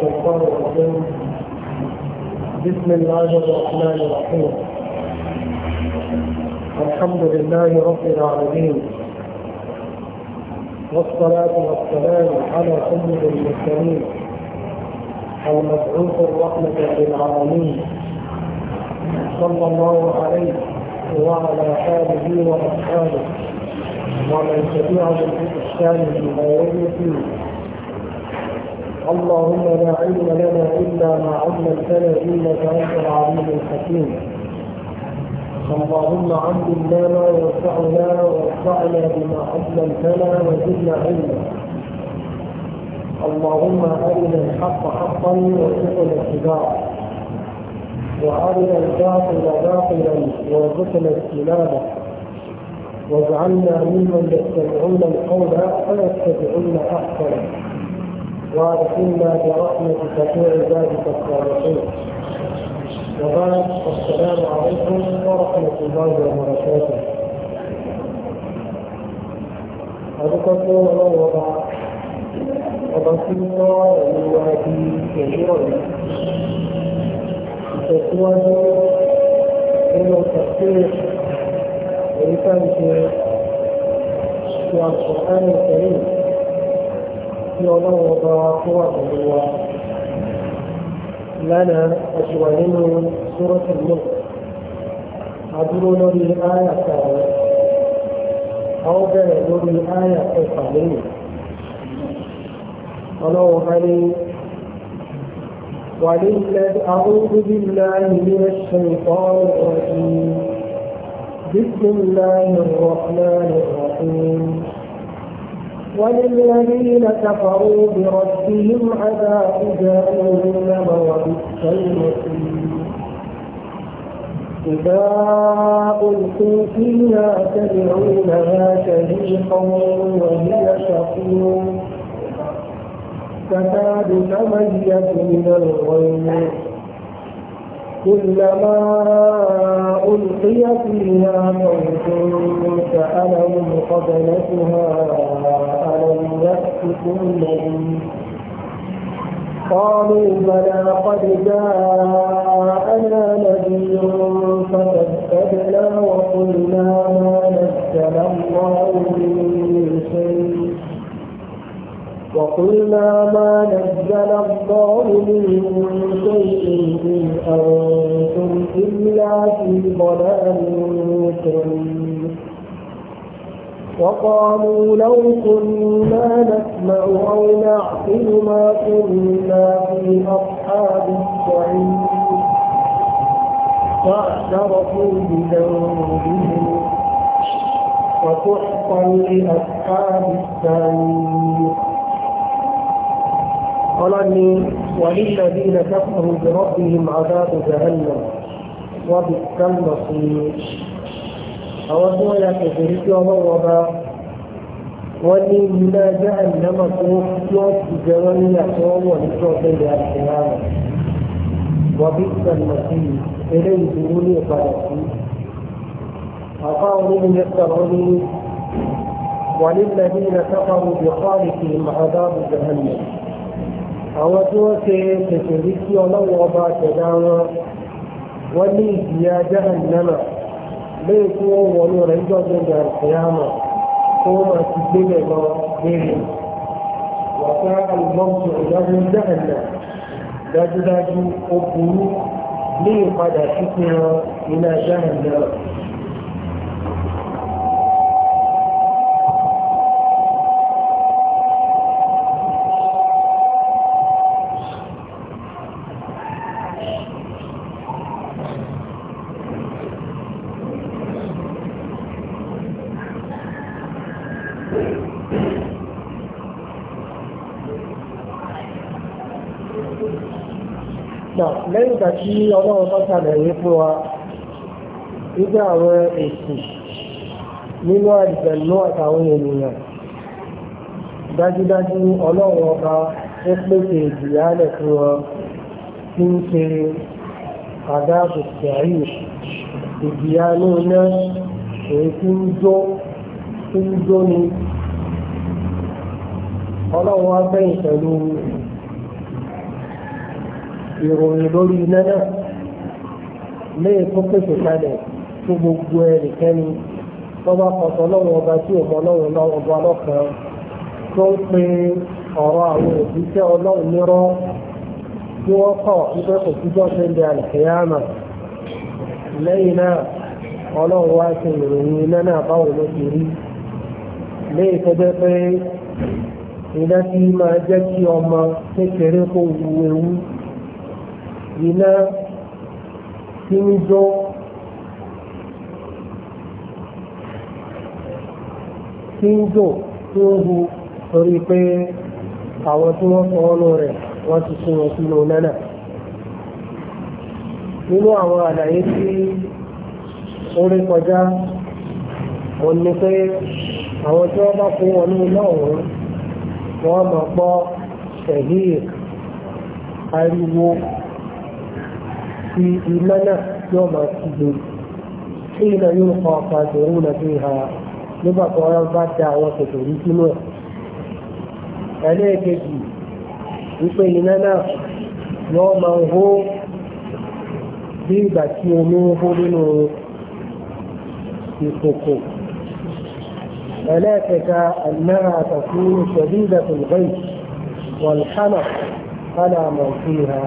الشيطان الرجيم بسم الله الرحمن الرحيم الحمد لله رب العالمين والصلاة والسلام على سيد المرسلين المبعوث الرحمة للعالمين صلى الله عليه وعلى آله وأصحابه ومن تبعهم بإحسان إلى يوم الدين اللهم لا علم لنا إلا ما علمتنا إنك أنت العليم الحكيم اللهم علمنا لنا وارفعنا وارفعنا بما علمتنا وزدنا علما اللهم أرنا الحق حقا وارزقنا اتباعه وأرنا الباطل باطلا وارزقنا اجتنابه واجعلنا ممن يتبعون القول فيتبعون أحسنه وادخلنا برحمتك في عبادك الصالحين وبعد السلام عليكم ورحمة الله وبركاته أدوكم الله وبعد وبسيطة لوادي كبيرة تسواني من التفسير ولكن في القرآن الكريم kí ọlọ́run ọba wa kó wà pẹ̀lú wa lánàá ẹ̀ṣùwà nínú sọ́rọ́tì náà adúró lórí áyà kàrọ̀ àwọn bẹ̀rẹ̀ lórí áyà kẹfà lẹ́yìn ọlọ́run ọba ní ولله أعوذ بالله من الشيطان الرجيم بسم الله الرحمن الرحيم وللذين كفروا بربهم عذاب جهنم وبئس المصير إذا ألقوا فيها سمعوا لها شهيقا وهي شقيق تكاد تميز من الغيب كلما ألقي فيها موت سألهم قبلتها ألم يأتكم قالوا بلى قد جاءنا نبي فكذبنا وقلنا ما نزل الله من شيء وقلنا ما نزل الله من شيء إن أنتم إلا في ضلال مكرم وقالوا لو كنا نسمع أو نعقل ما كنا في أصحاب السعير فاعترفوا بذنبهم وسحقا لأصحاب السعير اني وللذين كفروا بربهم عذاب جهنم وبئس المصير أودوا يا كفرك ومرضى ولي إلى جهنم توفيت بجمال يحوم ولتعطي القيامة وبئس المصير إليه دوني قلبي من يسرني وللذين كفروا بخالقهم عذاب جهنم àwọn tí wọ́n ṣe pèsè rí sí ọlọ́wọ́ ọba àtẹ̀dá wọn wọ́n ní ìjìyà jahannama lẹ́yìn tí wọ́n wọnú rẹ̀ ń jọ́jọ́ ní àṣeyàmà tó wọ́n ti gbélé lọ léèrè wàtá alùmọ́ọ̀tì ìdájú jahannà dájúdájú ó burú ní ìpadà sí fi hàn iná jahannama. nǹkan tí ọlọ́run tó ṣàlàyé fún wa nígbà àwọn èsì nínú àdìgbẹ̀lú àtàwọn ènìyàn dájúdájú ọlọ́run ọba ó pèsè ìdìyàlẹ̀ fún wọn tí ń ṣe àdáàbò tẹ̀rí ìdìyà lóná èyí tí ń jó tí ń jó ni ọlọ́run ìròyìn lórí iná náà léè tó pèsè kalẹ̀ fún gbogbo ẹnikẹ́ni tó bá kọ̀tọ̀ lọ́wọ́ ọba tí ò mọ lọ́wọ́ ọba lọ́kàn tó ń pe ọ̀rọ̀ àwọn òṣìṣẹ́ ọlọ́run nírọ́ tí wọ́n kọ̀ wípé kò síjọ́ tó ń bẹ àlùkìyàmà lẹ́yìn náà ọlọ́run wá ṣe ìròyìn iná náà báwo ló ti rí léè tó jẹ́ pé iná tí máa jẹ́ kí ọmọ kékeré kó wu ewu iná tí ń jó tí ń jò tí ń hu torí pé àwọn tí wọ́n sọ ọ́nù rẹ̀ wọ́n ti sún wọn sínú nánà. nínú àwọn àlàyé tí ó rí kọjá òun ni pé àwọn tí wọ́n bá kó wọn ní iná ọ̀hún wọ́n máa gbọ́ ṣẹ̀híì ariwo sí iná náà yóò máa kígbe kí iná yóò kọ́ ọ̀pá ìṣòro náà bí ha nígbà tó wọ́n bá da àwọn kòtò rí sínú ẹ̀. ẹlẹ́ẹ̀kejì wípé iná náà yóò máa ń hó bí ìgbà tí omi ń hó nínú ìkòkò. ẹlẹ́ẹ̀kẹta ẹ̀lẹ́ra àtàkùn ṣẹ̀dí ìdàkùn gbẹ̀yìn wọ̀lùkánà kálà mọ̀ sí ha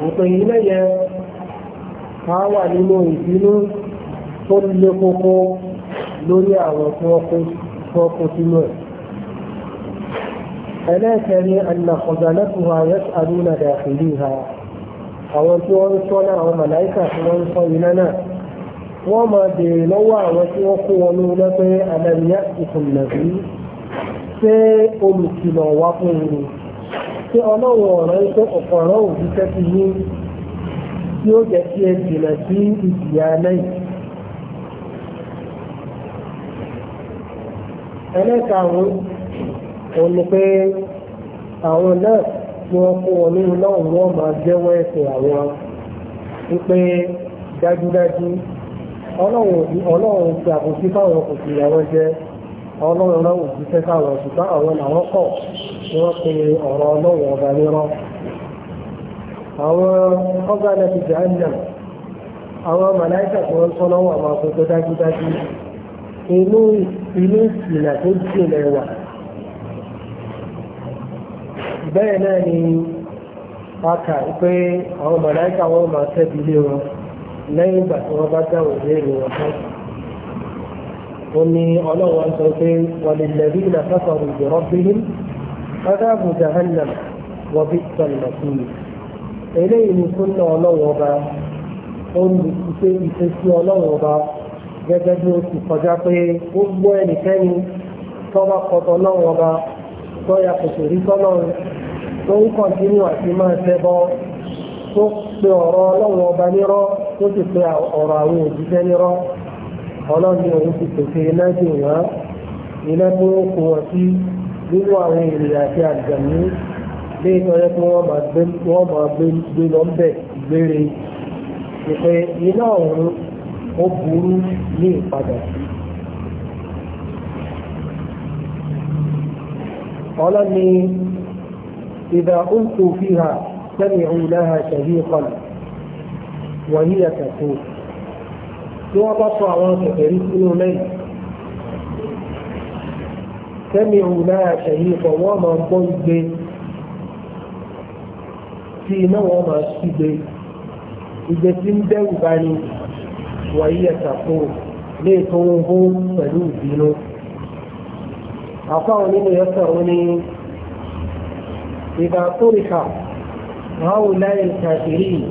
nǹkan yìí náà yẹ ká wà nínú ìbínú tó le koko lórí àwọn tí wọ́n kó sínú ẹ̀. ẹlẹ́ẹ̀kẹ́rin ànàkọ̀dánẹ́kùnrin ayẹ́sì àdúnà dàkìlì ha àwọn tí wọ́n ń sọ náà àwọn màláìkà tí wọ́n ń sọ iná náà wọ́n máa béèrè lọ́wọ́ àwọn tí wọ́n kó wọnú lọ́pẹ́ alẹ́ ní ìkùnlẹ̀ bí ṣé olùkìlọ̀ wá fún un pé ọlọ́run ọ̀rọ̀ ẹgbẹ́ ọ̀pọ̀rọ̀ òjíṣẹ́ ti ní tí ó jẹ́ kí ẹ jìnà sí ìjìyà lẹ́yìn. ẹlẹ́karùn-ún òun pé àwọn náà tí wọ́n kó wọn nínú náà wọ́n máa jẹ́wọ́ àwọn wípé dájúdájú ọlọ́run ti wọ́n pe ọ̀rọ̀ ọlọ́wọ́ ọba nírọ́ àwọn ọba náà ti jà ń nà àwọn màláìkà tí wọ́n sọ lọ́wọ́ àwọn akókó dájúdájú inú inú ìsìnà tó jìnlẹ̀ wà bẹ́ẹ̀ náà ni a kà pé àwọn màláìkà wọn máa tẹ́bi lé wọn lẹ́yìn ìgbà tí wọ́n bá dáwọ̀ léèrè wọn tán ó ní ọlọ́wọ́ sọ pé wàlẹ̀ lẹ́bí ìlà fásitì ìjọba bíi adáàbò jahannam wọ́bí sọ̀lọ́sìn eléyìí ni súnà ọlọ́wọ́ ọba ọ ìfẹ́sí ọlọ́wọ́ ọba gẹ́gẹ́ bí ó ti kọjá pé gbogbo ẹnikẹ́ni tọ́ba kọtọ ọlọ́wọ́ ọba tọ́ya kòtò rí sọ́lọ́run tó ń kọ̀ntínú àti nínú àwọn ènìyàn àti àjàmú lé ìtọ́jẹ́ pé wọ́n máa gbé lọ bẹ̀ gbére ìpè iná ọ̀run ó burú ní ìpadà sí. ọlọ́ni ìdá oúnjẹ òfin hà sẹ́mi òun lára ṣẹ̀rí ìkọlù wọ̀nyí ẹ̀kẹ́ tó tí wọ́n bá sọ àwọn kẹ̀kẹ́ rí sínú lẹ́yìn sẹ́mi òun náà ṣẹ̀yìn ìfọ̀ wọ́n máa gbọ́ igbe tí iná wọn máa ṣígbe igbe tí ń dẹ́rù bá ní wọ̀nyí ẹ̀ka lè tó ń hó pẹ̀lú ìbínú. àfáwọn nínú yẹ́sà wọn ni ìgbà tó rí ká هؤلاء الكافرين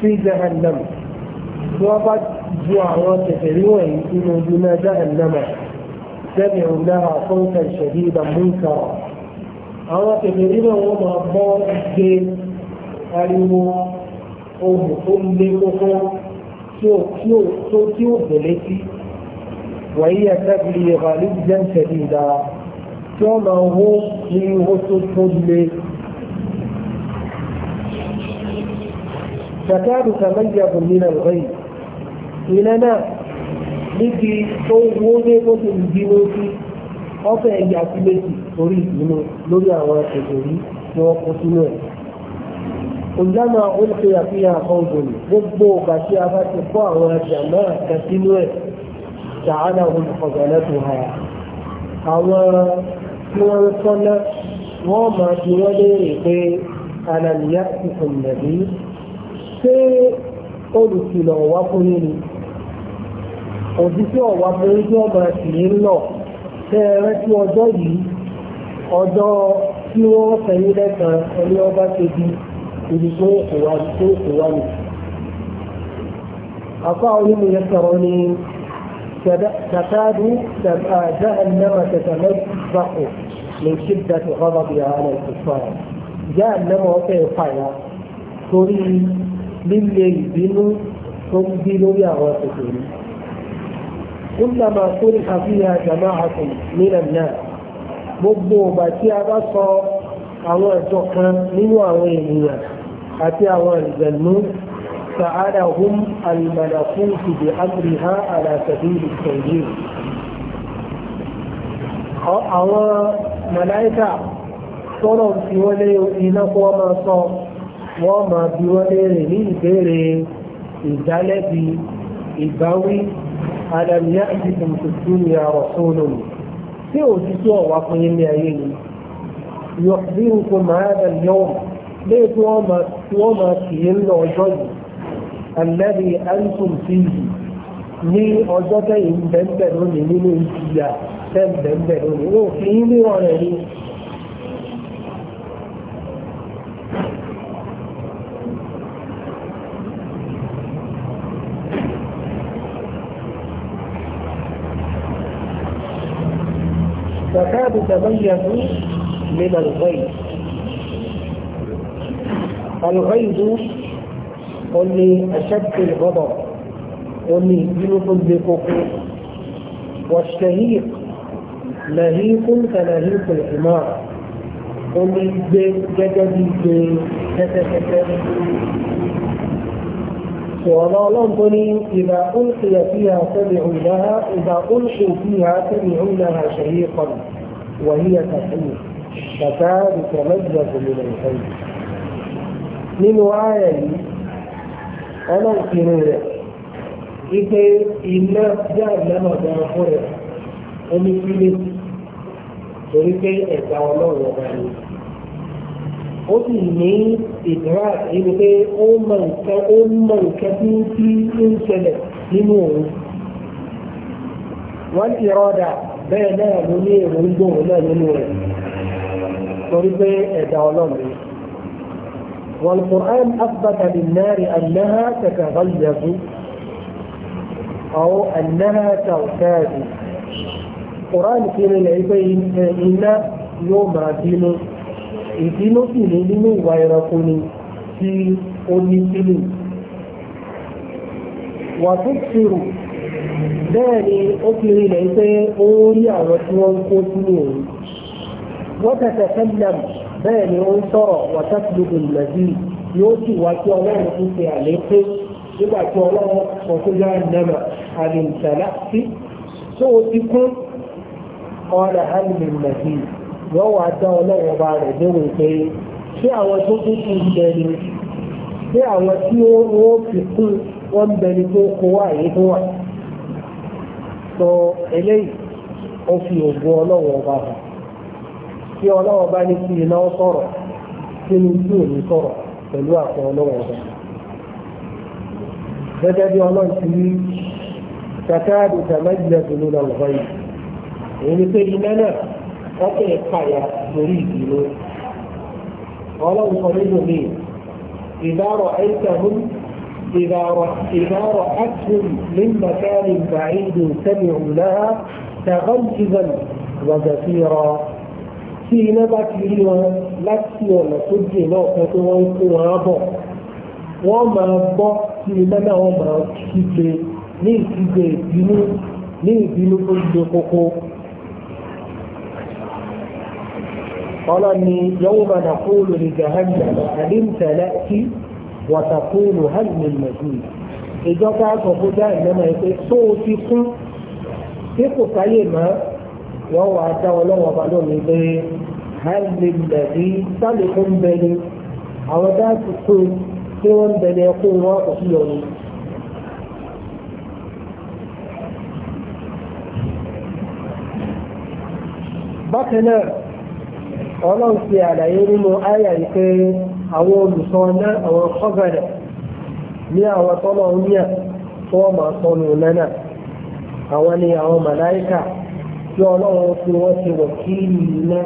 في جهنم وقد جوعوا كثيرون من دون جهنم سمعوا لها صوتا شديدا منكرا أو تقريبا وما الله الجن قالوا أم أملكهم شو شو شو شو بلتي وهي تبلي غالبا شديدا كما هو في غسل فضل تكاد تميز من الغيب إلى ناس níbi tó wó ní bó ṣe ń bínú sí ọ̀fẹ́ ẹ̀yà sí méjì torí ìbínú lórí àwọn ẹ̀sẹ̀ rí tí wọ́n kó sínú ẹ̀. Òjàmà olùkọ́ àfihàn ọ̀gbìn gbogbo ọ̀gbà tí a bá ti kó àwọn ẹ̀sẹ̀ náà kẹ sínú ẹ̀ ṣàánà olùkọ́gbà lẹ́tù ha. Àwọn tí wọ́n ń sọ́nà wọ́n máa fi wọ́n léèrè pé àlàyé ti kùn nàbí ṣé olùkìlọ̀ wá fún yín ni òbí tí ọ̀wà borí tí ọmọ ẹ̀sìn ń lọ tẹ́ ẹ rántí ọjọ́ yìí ọjọ́ tí wọ́n fẹ̀yìn lẹ́kan ẹni ọba ṣe di ibi tó ìwà tó ìwà nì. Àpá onímọ̀ yẹn sọ̀rọ̀ ni تكاد جهنم تتمزق من شدة غضبها على الكفار جهنم وكيفها torí líle ìbínú tó ń bí lórí àwọn àtòkèrè kúndàmà tó ní àfihàn jàmá àtùn nílẹ̀ náà gbogbo ìgbà tí a bá sọ àwọn ẹ̀tọ́ kan nínú àwọn ènìyàn àti àwọn ìgbẹ̀lú sàádà hum alìmọ̀làkú ìdè áfíríkà àlàtàbí ìtẹ̀yìn àwọn màláìkà tọ́lọ̀ tí wọ́n iná kó wọ́n máa sọ wọ́n máa bi wọ́n léèrè ní ìbéèrè ìdálẹ́bi ìbáwí alam ya'tikum fi dunya rasulun tí ò ti tó ọ̀wá fún yín ní ayé ni yuhzirukum hadha al-yawm lè tí wọ́n máa kì í lọ ọjọ́ yìí alladhi antum fihi ní ọjọ́ tẹ̀yìn bẹ́ẹ̀ bẹ́ẹ̀ lónìí nínú ìjìyà tẹ̀ bẹ́ẹ̀ bẹ́ẹ̀ lónìí ó fi yín ní ọ̀rẹ́ ni. لا تميز من الغيظ الغيظ قل لي أشد الغضب قل يجلب بكفر والشهيق لهيق فلهيق الحمار قل جددي كتكتك وما لنظني إذا ألقي فيها سمعوا لها إذا ألقوا فيها سمعوا لها شهيقا وهي تحيط تكاد تمزق من الخير nínú ààyè yìí ọlọ́ọ̀kìnrin rẹ̀ ike iná jẹ́ àgbẹ̀mọ̀ dára fún rẹ̀ omi sílé torí pé ẹ̀ka ọlọ́run ọba ni ó sì ní ìdúrà ẹni pé ó mọ nǹkan ó mọ nǹkan tí ń tí ń ṣẹlẹ̀ nínú òun wọ́n ti rọ́ọ̀dà bẹ́ẹ̀ náà ló ní èrò ń gbòòrò náà nínú rẹ̀ torí pé ẹ̀dá ọlọ́run والقرآن أثبت للنار أنها تتغلظ أو أنها ترتاد القرآن في العبين إن يوم رجل إذن في لين ويرقني في أني وتكثر bẹ́ẹ̀ ni ó fi rinlẹ̀ pé ó rí àwọn tí wọ́n ń kó sínú òun wọ́n tẹ̀sẹ̀ fẹ́lẹ̀ bẹ́ẹ̀ ni ó ń sọ̀rọ̀ wọ́tẹ́kùlùkù lẹ́bí yóò sì wá sí ọlọ́run tó ṣe àlékún nígbà tí ọlọ́run sọ pé yá nẹ́mà àlìǹtàlá sí tó o ti kún ọ̀rẹ́ àlìǹ lẹ́bí yóò wá dá ọlọ́run ọba rẹ̀ déwò pé ṣé àwọn tó tún ti ń bẹ ni ṣé àwọn tí wọ́n fi kún wọ́n ń bẹ ni tó kó wá tó wà sọ eléyìí ó fi ògùn ọlọ́wọ́ ọba hàn kí ọlọ́wọ́ bá ní kí iná sọ̀rọ̀ kí ni tí ò ní sọ̀rọ̀ pẹ̀lú àpò ọlọ́wọ́ ọba. gẹ́gẹ́ bí ọlọ́run ti rí kàkáàdù tàmájìlẹ̀ tó ló lọ́wọ́ báyìí èyí ni pé iná náà wọ́n pè é kàyà lórí ìdílé ọlọ́run sọ nínú mi ìdárò àìsàn إذا إذا رأتهم من مكان بعيد سمعوا لها تغلفزا وزفيرا في نبكه ونفسه ونسج نقطة ويقرب وما الضغط لنا وما الكتب من كتب الجنوب من جنوب الدقوق قال أني يوم نقول لجهنم هل انت لأتي وتقول هل من مزيد ìjọba àgbọ̀gbọ́dá ìlẹ́mọ̀ ẹ̀ pé tó o ti kún tí kò sáyè mọ́ wọ́n wà á dá ọlọ́wọ́ ọba lónìí pé hàlì lẹ̀bí sálẹ̀ kó ń bẹ ni àwọn dáàtì kú tí wọ́n àwọn olùsọ náà àwọn kọ́fẹ̀rẹ̀ ní àwọn tọ́lọ̀ oníyà tó wọ́n máa sọnù lẹ́nà àwọn ni àwọn màláìkà tí ọlọ́run fi wọ́n ti wọ̀ kí iná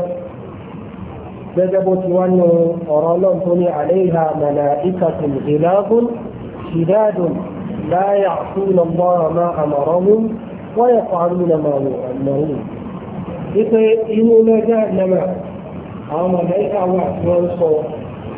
gẹ́gẹ́ bó ti wá nu ọ̀rọ̀ náà tó ní àléhà màláìkà tó ní ìlàgùn ṣìdádùn láyà fún lọ́gbọ́n ọ̀nà àmọ̀rọ̀hún wọ́n yẹ fàánù lọ́mọ àwọn ìpè inú lọ́jà àwọn màláìkà wà tí wọ́n sọ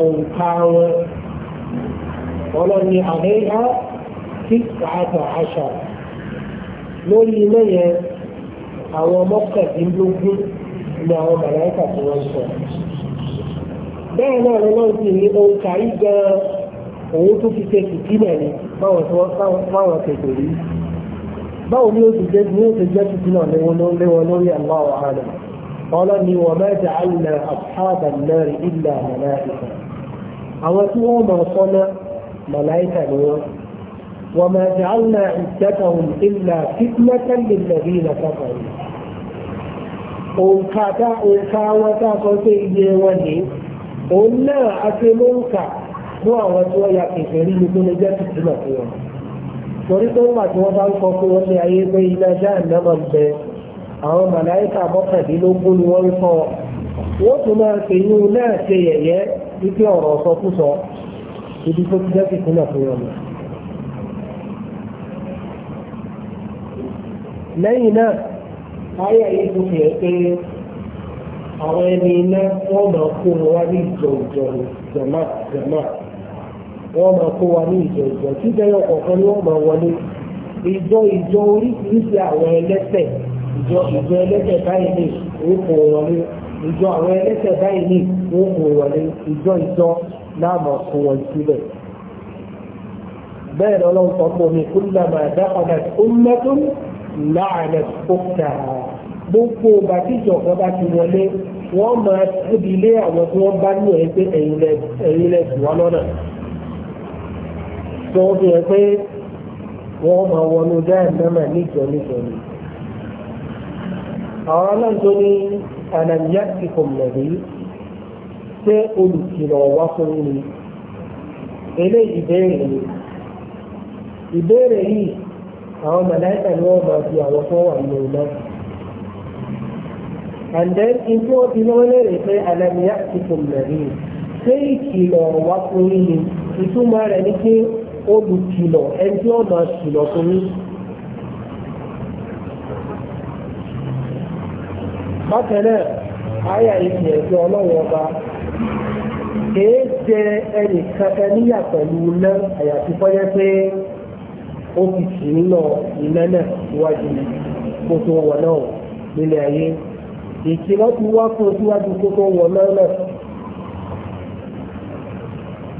òǹkà wọn ọlọ́ni àléhà títà àtà àṣà lórí ilé yẹn na mọ́kàndínlógún ni àwọn màláìkà tí wọ́n sọ. bẹ́ẹ̀ náà ni wọ́n na ní òǹkà yìí gan-an òun tó fi ṣe ìpínlẹ̀ ni ma tí wọ́n tètè rí báwo ọlọ́ni wọ́n máa jẹ́ àìlẹ̀ àbúhàbà náà ilẹ̀ màláìkà àwọn tí wọ́n máa sọ́nà màláìkà ni wọ́n wọ́n máa jẹ́ àìlẹ̀ ìjẹ́kàhùn ilẹ̀ fitnatẹ́lì lẹ́bí lọ́sọ̀kọ̀rọ̀ òǹkà tá òǹkà wọn tá a sọ pé iye wọn ni òun náà a ṣe ló ń kà fún àwọn tí wọ́n ya kẹ̀kẹ́ rí ni tó lè jẹ́ tuntun náà wọn torí pé wọ́n àti wọ́n bá ń kọ́ pé wọ́n ní ayé pé iná jáà náà máa ń bẹ́ẹ̀ àwọn màláìka mọ́kàndínlógún ni wọ́n ń sọ wọ́n tún máa ṣe náà ṣe yẹ̀yẹ́ wípé ọ̀rọ̀ sọkúsọ ibi tó ti jẹ́ fìtínà fún wọn. lẹ́yìn náà ayé yìí tún fi pé àwọn ẹni iná wọ́n máa kó wọn wá ní ìjọ ìjọ jàmá jàmá wọ́n máa kó wa ní ìjọ ìjọ tí bẹ́ẹ̀ ọ̀kọ̀ọ̀kan ìjọ ìjọ ẹlẹ́sẹ̀ báyìí ní wọ́n kò wọlé ìjọ àwọn ẹlẹ́sẹ̀ báyìí ní wọ́n kò wọlé ìjọ ìjọ náà mọ̀ kó wọn sílẹ̀. bẹ́ẹ̀ ni ọlọ́run sọ fún mi kullama dakhalat ummatun la'anat ukhtaha gbogbo bàtíjọ kan bá ti wọlé wọ́n máa tóbi lé àwọn tí wọ́n bá ní ẹ̀ pé ẹ̀yin lẹ jù wọ́n lọ́nà. sọ wọ́n fi hàn pé wọ́n máa wọnú dáhùn náà níjọ níjọ ni àwọn náà tó ní ànàmíyá ti kò mọ̀rí ṣé olùkìlọ̀ wá fún mi eléyìí ìbéèrè ni ìbéèrè yìí àwọn mọ̀láìkà ni wọ́n máa fi àwọn tó wà nínú náà and then ibi wọn ti lọ́wọ́ lérè pé ànàmíyá ti kò ṣé ìkìlọ̀ wá fún mi ìtumọ̀ rẹ̀ ni pé olùkìlọ̀ ẹni tí wọ́n máa kìlọ̀ fún mi. bákan náà àyà ìfi ẹ̀jẹ̀ ọlọ́run ọba kìí jẹ ẹnì kankan pẹ̀lú iná àyàfi fọ́yẹ́ pé ó fi sì nínà iná náà síwájú kó tó wọ̀ náà nílé ayé ìkìlọ̀ ti wá fún síwájú kó tó wọ̀ náà náà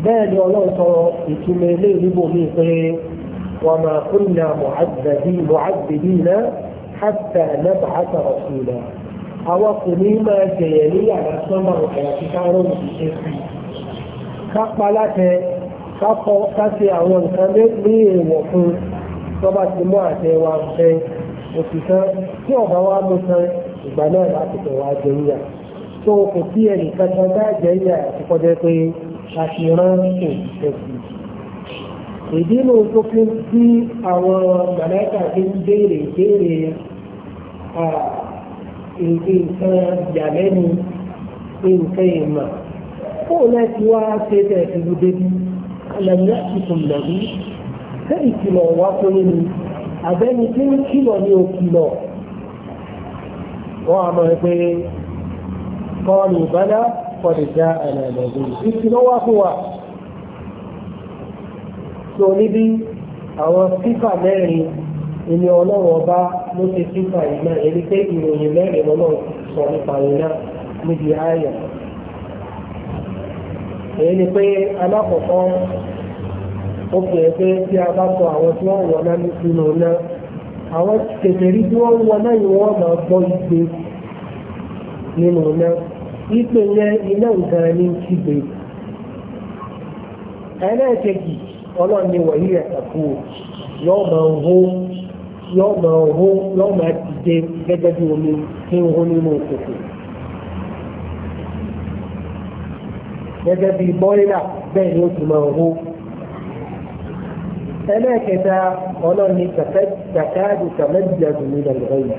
bẹ́ẹ̀ ni ọlọ́run sọ ìtumọ̀ ilé ìlúbò mi pé wọ́n máa náà hàtà náà. àwọn kò ní máa jẹ̀yẹ̀ ní yàrá sọ́mbà àyàfi káàrọ̀ òṣìṣẹ́ sí i ká pa látẹ ká ṣe àwọn nǹkan ní èèwọ̀ fún tó bá ti mú àtẹ wa fẹ́ òṣìṣẹ́ tí ọ̀bá wa mú san ìgbà náà láti tẹ̀ wá jẹ níyà tó kò sí ẹnì kankan bá jẹ níyà àti pé a ti rán òṣìṣẹ́ tó fi ń bí àwọn mọ̀lẹ́kà fi ń béèrè nǹkan ìyàlẹ́nu nǹkan ìmọ̀ fóun náà ti wá ṣe bẹ́ẹ̀ fi lu débi alẹ́mìnà ìkùn lẹ́bí ṣé ìkìlọ̀ wá fún yín ni àbẹ́ni tí ń kìlọ̀ ní òkìlọ̀ wọ́n á mọ̀ pé kọ́ọ̀nù ìbálá kọ̀dìjà ẹ̀lẹ́dẹ̀dẹ̀ ìkìlọ̀ wá fún wa. tó níbi àwọn pípà mẹ́rin ìní ọlọ́wọ́ bá mo ṣe sífà yìí náà èyí pé ìròyìn mẹ́rin lọ́nà sọ nípa yìí náà níbi ààyè. èyí ni pé alákọ̀ọ́kọ́ ó pè pé tí a bá sọ àwọn tí wọ́n wọ̀ nínú náà àwọn kèfèrí tí wọ́n wọ̀ yìí wọ́n máa gbọ́ nínú ìpè yẹn iná nǹkan ní ẹlẹ́ẹ̀kejì ọlọ́ọ̀ni wọ̀nyí yóò máa hó yóò máa dìde gẹ́gẹ́ bí omi tí ń hó nínú òkòkò. gẹ́gẹ́ bí bọ́ílà bẹ́ẹ̀ ni ó ti máa hó. ẹlẹ́ẹ̀kẹta ọlọ́run ni kàkáàdù kàmẹ́jìdàdù ní ìdàgbàgbà yìí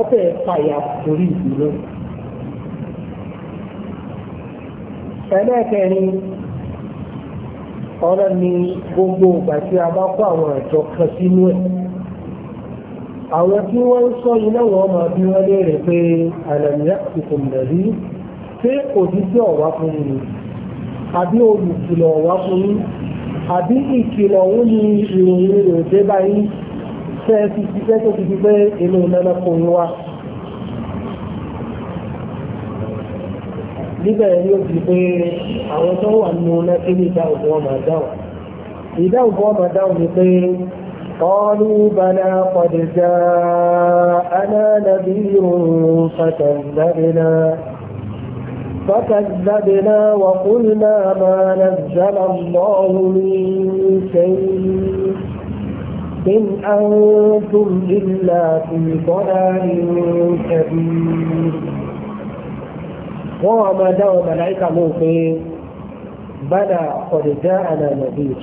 ọbẹ̀ fàyà torí ìdùnnú. ẹlẹ́ẹ̀kẹrin ọlọ́run ni gbogbo ìgbà tí a bá kó àwọn àjọ kan sínú ẹ̀ àwọn tí wọ́n ń sọ iná wọn máa bí wọ́n léèrè pé àlàyé kò lẹ̀rí pé òjíṣẹ́ ọ̀wá fún mi àbí olùkìlọ̀ ọ̀wá fún mi àbí ìkìlọ̀ òun ni ìròyìn rẹ̀ dé báyìí fẹ́ ti ṣiṣẹ́ tó ti fi pé inú nana kò ń wá. níbẹ̀ ni ó ti pé àwọn tó wà nínú náà kí ni ìdáhùn wọn máa dáhùn ìdáhùn wọn máa dáhùn ni pé قالوا بلى قد جاءنا نذير فكذبنا فكذبنا وقلنا ما نزل الله من شيء إن أنتم إلا في ضلال كبير وما دام ملائكة màláìkà بلى قد جاءنا نبي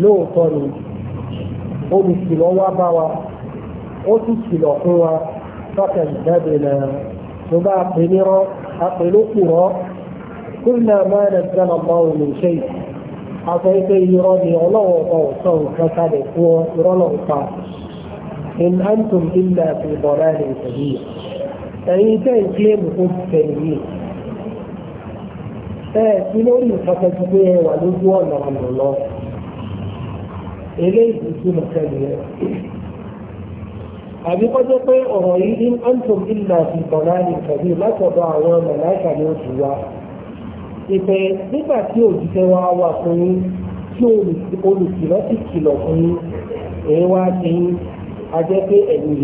لوط olùkìlọ̀ wá bá wa ó sì kìlọ̀ fún wa fákà ìjáde náà tó bá pè ní rán apè ló kù rán kúrìnà máa ń dáná bá òun ṣe afẹ́fẹ́ irọ́ ni ọlọ́wọ́ ọba ọ̀sán nǹkan kalẹ̀ fún ọ irọ́ náà pa in antum illa fi dalalin sabil ẹ̀yin tẹ́ ń kílé mùkú tẹ̀lé yìí ẹ̀ sí pé ẹ wà lójú ọ̀nà ọ̀nà lọ́wọ́. eléyìí túmọ̀ sẹ́yìn àbí kọjọ́ pé ọ̀rọ̀ yìí ní antum illa fi bọ̀láàlì tàbí látọ̀dọ̀ àwọn ni ó ti wá ìpè nígbà tí wa wà fún yín tí olùkìlọ̀ ti kìlọ̀ fún yín èyí a jẹ́ pé ni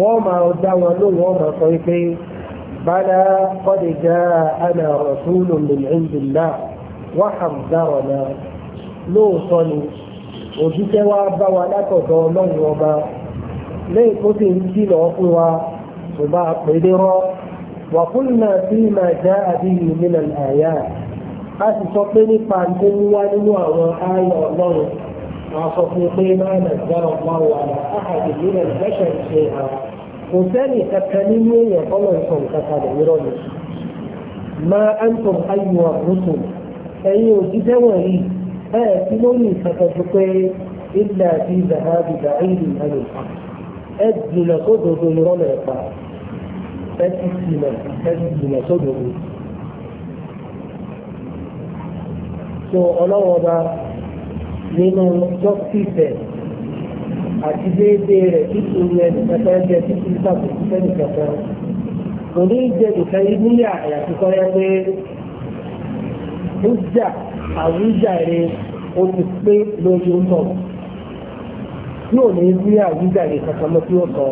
wọ́n máa dá wọn lóhùn wọ́n máa sọ wípé bala qad ja'ana rasulun min indillah wa haddarana lóòótọ́ ni òjíṣẹ́ wa bá wa látọ̀dọ̀ ọlọ́run ọba lẹ́yìn tó sì ń kìlọ̀ fún wa ṣùgbọ́n àpèdè rọ́ wàkúnnà tí máa já àbíyí nílẹ̀ àyà a sì sọ pé nípa tó ń wá nínú àwọn ayọ̀ ọlọ́run a sọ fún pé máa nà já ọ̀pá wà láàárín nílẹ̀ ìfẹ́ṣẹ̀ ṣe àwọn kò sẹ́ni kankan nínú èèyàn kọ́lọ̀ nǹkan kankan lè rọ̀ ni ma an tó ayò àrùtò ẹ̀yin òjíṣẹ́ wọ̀nyí bẹ́ẹ̀ tí ló ní kankan tó pé ilẹ̀ àti zahabi bàáyìí ẹ̀yìn kan ẹ jìnà tó dodo irọ́ lẹ̀ pa ẹ ti jìnà ẹ ti jìnà tó dodo. so ọlọ́wọ́ bá nínú justice àti déédéé rẹ̀ títí rẹ̀ nìkẹta jẹ títí sábò títẹ́ nìkẹta. kò ní jẹ nìkan yìí níyà àyàfi kọ́ yẹ pé ó jà àwíjàre ó ti pé lórí ó tọ̀. tí ò ní bí àwíjàre kankan lọ sí ó sọ.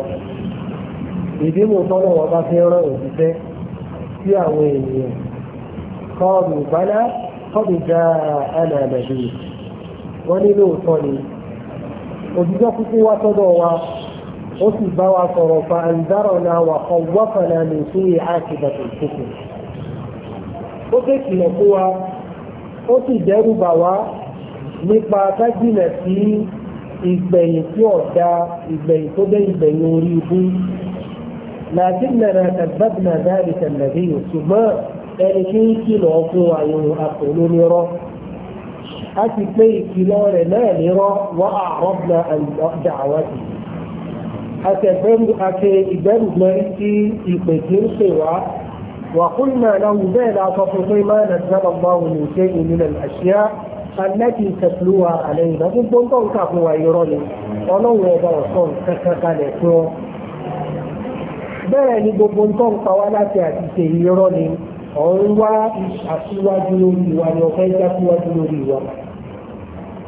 ìdí mo tọ́lọ̀ wọn bá fi rán òṣìṣẹ́ sí àwọn ènìyàn kọ́ọ̀lù bálá kọ́ọ̀lù dáa ánà àbẹ̀dì wọ́n ní lóòótọ́ ni òjíjọ́ kúkú wá sọ́dọ̀ wa ó sì bá wa sọ̀rọ̀ fa àǹdárọ̀nà wà kọ̀ wọ́pàlà ní ìṣúyè àkìbàtì ìṣòkò ó ké kìlọ̀ fún wa ó sì dẹ́rù bà wá nípa kájìnà sí ìgbẹ̀yìn tí ọ̀dà ìgbẹ̀yìn tó dé ìgbẹ̀yìn orí ibú لكننا كذبنا ذلك النبي ثم ذلك كيلو فوعي أقول نيرا a ti pé ìkìlọ̀ rẹ̀ náà nírọ́ wọ́n àrọ́bìnà àjọ àwádìí àti ìgbẹ́rù mẹ́rin tí ìpè tí ń pè wá وقلنا له بين أطفال ما نزل الله من شيء من الأشياء التي تتلوها علينا ضد ضوء هو يروني ولو يضع صوت كككالك bẹ́ẹ̀ ni gbogbo ń pa wá láti àtìṣe irọ́ ni ọ̀run wá aṣíwájú lórí wa ni ọ̀fẹ́ já lórí wa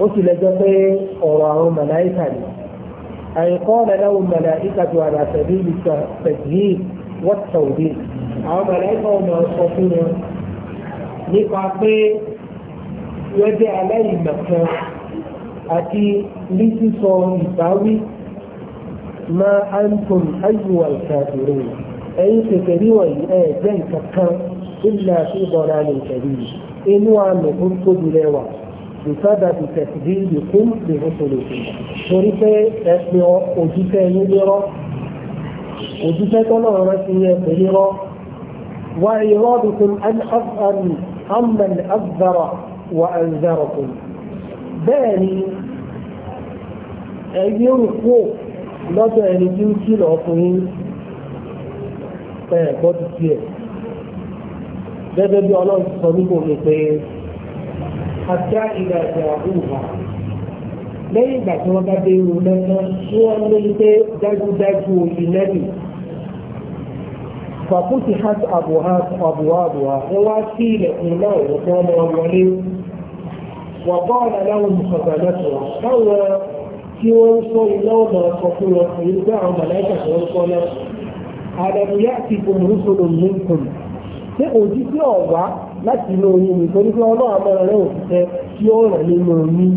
ó sì lẹ́jọ́ pé ọ̀rọ̀ àwọn màláìkà ni àyìnkọ́ lẹ́lẹ́wọ̀n màláìkà tó àdá tẹ̀lé tẹ̀lé wọ́tọ̀wé àwọn màláìkà ọmọ sọ fún wọn nípa pé wọ́n jẹ́ aláìmọ̀kan àti ní sísọ ìbáwí ma antum ayyuwal kafirun ẹ̀yin kékeré wọ̀nyí ẹ̀ jẹ́ nǹkan kan illa fi dalalin kabir inú àmì tó tóbi lẹ́wàá بسبب تكذيبكم برسلكم torípé ẹ̀pẹ̀ òjíṣẹ́ yín lérọ́ òjíṣẹ́ tọ́lọ́run rẹ̀ ti yẹ pé lérọ́ wà ìrọ́dùkún ẹni amman agbára wà ẹ̀zẹ̀rọ̀kún bẹ́ẹ̀ ni ẹ̀yìn rúkú lọ́dọ̀ ẹni tí ń kìlọ̀ fún yín ẹ̀ gbọ́dọ̀ tiẹ̀ gẹ́gẹ́ bí ọlọ́run sọ nígbò mi pé àti ìgbà ìgbà òwúwa lẹ́yìn ìgbà tí wọ́n bá dé irun lẹ́tọ́ tí wọ́n lórí pé dájúdájú òbí lẹ́bì fàkútì hat àbùhá àbùhá àbùhá wọ́n wá sí ilẹ̀kùn náà wọ́n fọ́ ọmọ wọlé wọ́n bá ọ̀nà láwọn mùsọ̀gbà lẹ́tọ̀ táwọn tí wọ́n ń sọ iná ọ̀nà ọkọ̀ fún wọn èyí gbé àwọn mọ̀lẹ́kà tó ń sọ náà àdàbíyá ti kò mú láti inú oyin ni torí pé ọlọ́run àmọ́ rẹ̀ òṣìṣẹ́ tí ó rẹ̀ nínú oyin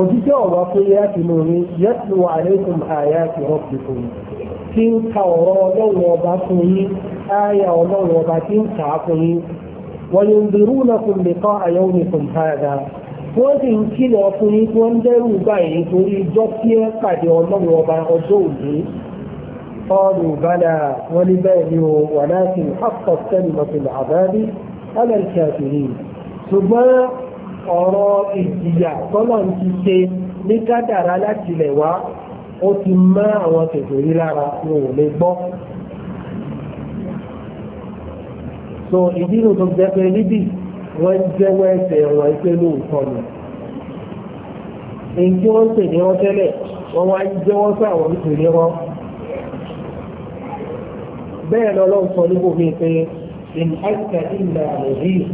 òṣìṣẹ́ ọ̀wá pé láti inú oyin yẹ́tù wà lẹ́kùn àyà ti rọ́pì fún mi tí ń ka ọ̀rọ̀ ọlọ́run ọba fún yín ááyà ọlọ́run ọba tí ń kà á fún yín wọ́n yóò dèrú lọ́kùn lẹ́kọ́ àyẹ̀wò nìkan káàdà wọ́n sì ń kìlọ̀ fún yín wọ́n dẹ́rù báyìí torí ijọ́ tí ẹ pàdé ọlọ́run ọba ọjọ́ òní قالوا بلى ولبالي ولكن حقت كلمة العذاب ala al-kafirin ṣùgbọ́n ọ̀rọ̀ ìjìyà tọ́lọ̀ ti ṣe ní kádàrá láti lẹ̀ wá ó ti má àwọn kèfèrí lára wọn ò lè gbọ́. so ìdínú tó jẹ́ pé níbí wọ́n jẹ́wọ́ ẹsẹ̀ wọn pé lóòótọ́ ni. èyí tí wọ́n ń pè ní wọn tẹ́lẹ̀ wọ́n wá jẹ́wọ́ sí àwọn nítorí wọn. bẹ́ẹ̀ lọ́lọ́ sọ níbo mi pé إن أنت إلا نذير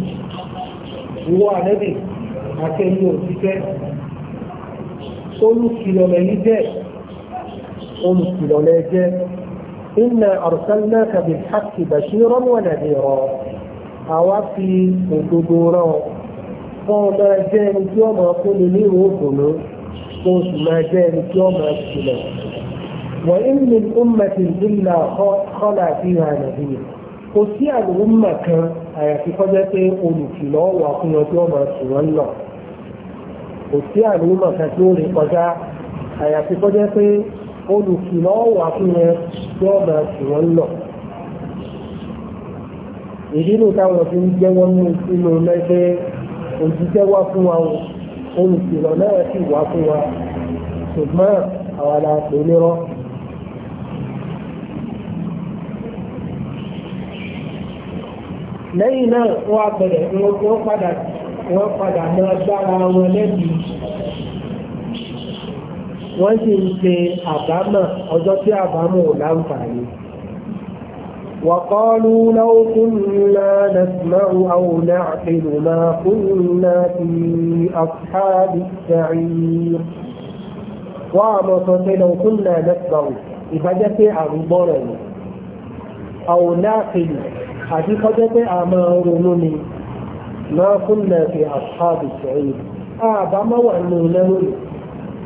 هو نبي أكلم أنت قل كيلو ميزات قل كيلو ميزات إنا أرسلناك بالحق بشيرا ونذيرا أو في أوفي وجدورا قام جاني كيوم أقول لي وصل قام جاني كيوم أقول وإن من أمة إلا خلا فيها نذير kò sí àlùmọ̀ kan àyàfi kọjá pé olùkìlọ̀ wà fún wọn tí wọ́n lọ kò sí àlùmọ̀ kan tí ó lè kọjá àyàfi kọjá pé olùkìlọ̀ wà fún wọn tí wọ́n máa sùn wọn táwọn fi ń jẹ́ wọ́n lẹ́gbẹ́ òjíṣẹ́ wá fún wa o olùkìlọ̀ náà sì wá fún wa ṣùgbọ́n àwọn àlàpẹ̀ nírọ́. lẹ́yìn náà wọ́n abẹ̀rẹ̀ wọ́n padà wọ́n padà máa gbára wọn lẹ́bi wọ́n sì ń ṣe àbámọ̀ ọjọ́ tí àbámọ̀ ò láǹfààní. وقالوا لو كنا نسمع أو نعقل ما كنا في أصحاب السعير وعما لو كنا نسمع إذا جاء عن أو نعقل àti kọjá pé àmọ́ ronú ni máa kún lẹ̀ fi àṣàbì sẹ́yìn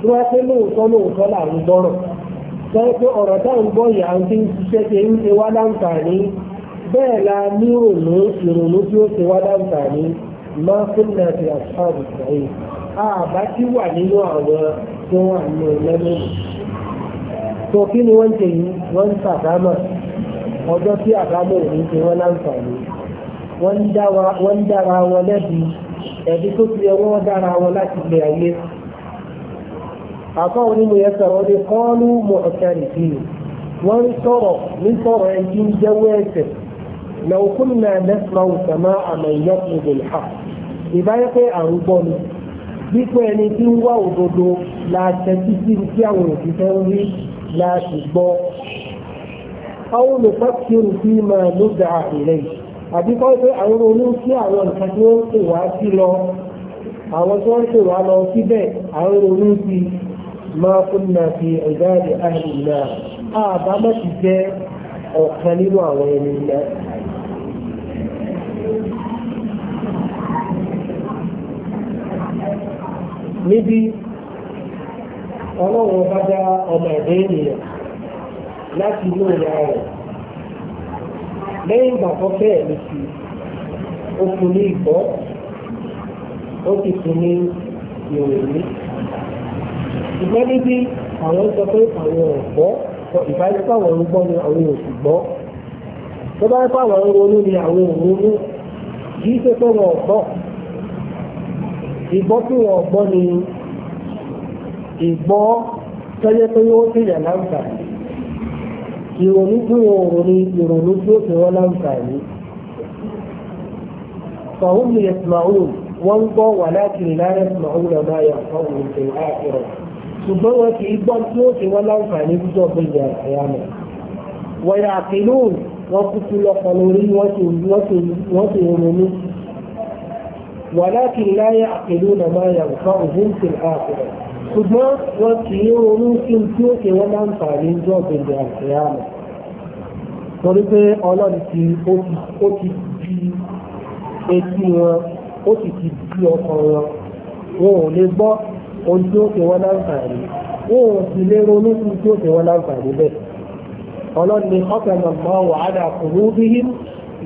nwere lóòótọ́ lóòótọ́ là ń gbọ́rọ̀ sọ ọ̀rọ̀ tá ń gbọ́ yà ń fi ń ṣiṣẹ́ ṣe ń ṣe wá láǹfààní bẹ́ẹ̀ la ní òòlù ìrònú tí ó ṣe wá láǹfààní fún sẹ́yìn wà nínú àwọn tí wọ́n kí ni wọ́n ọjọ́ tí àbámọ̀ òní ti wọ́n láǹfààní wọ́n ń dára wọn lẹ́bi ẹ̀bí tó ti yẹ wọ́n dára wọn láti gbé ayé àkọ́ onímọ̀ yẹn sọ̀rọ̀ ní kọ́ọ́lù mọ̀ ọ̀kẹ́rì sí wọ́n sọ̀rọ̀ ní sọ̀rọ̀ ẹni ń jẹ́wọ́ ẹ̀sẹ̀ لو كنا نسمع سماع من يطلب الحق ìbáyé pé àrùn gbọ́ ni wípé ẹni tí ń wá òdodo la tẹ́tí àwọn olùfàkìrù fi máa ló da ilé yìí àbí kọ́ pé àwọn olú sí àwọn nǹkan tí wọ́n ń pè wá sí lọ àwọn tí wọ́n ń pè wá lọ síbẹ̀ àwọn olú máa fi ẹ̀dá rẹ̀ àìrìn náà àbámọ́ ti jẹ́ ọ̀kan nínú àwọn ẹni náà. níbi ọlọ́run bá láti inú ìyá rẹ̀ lẹ́yìn ìgbà tó bẹ́ẹ̀ ni sí ní ìgbọ́ ó fún ní ìgbẹ́ níbi àwọn sọ pé àwọn ọ̀gbọ́ ìbáyé fáwọn ọ̀gbọ́ ni àwọn gbọ́ tó bá ronú ni àwọn kì í ṣe pé wọn ọ̀gbọ́ ìgbọ́ tí wọn ọ̀gbọ́ ni ìgbọ́ tọ́jẹ́ pé ó ti ìrònú tí wọn rò ní ìrònú tí ó fi wọn láǹfààní. fàwọn lè yasma'un wọn ń gbọ́ wà láti lè láyé yasma'un náà máa yà fún òun tó àkìrọ̀. ṣùgbọ́n wọn kì í gbọ́ tí ó fi wọn láǹfààní gbígbọ́ pé ìyá àyà mọ̀. wọ́n yà àkìlú wọn kúkú lọ́kọ̀ lórí wọ́n sì ronú. ولكن لا يعقلون ما ينفعهم في الآخرة ṣùgbọ́n wọn kì í ronú sí tí ó ṣe wọ́n láǹfààní jọ́ gbèdé àṣeyàmọ̀ torí pé ọlọ́run ti ó ti di etí wọn ó sì ti di ọkàn wọn wọn ò lè gbọ́ ohun tí ó ṣe wọ́n láǹfààní wọn ò sì lè ronú ohun tí ó ṣe wọ́n láǹfààní bẹ́ẹ̀ ọlọ́run ni ọkàn mọ̀ wàhálà kùrú bí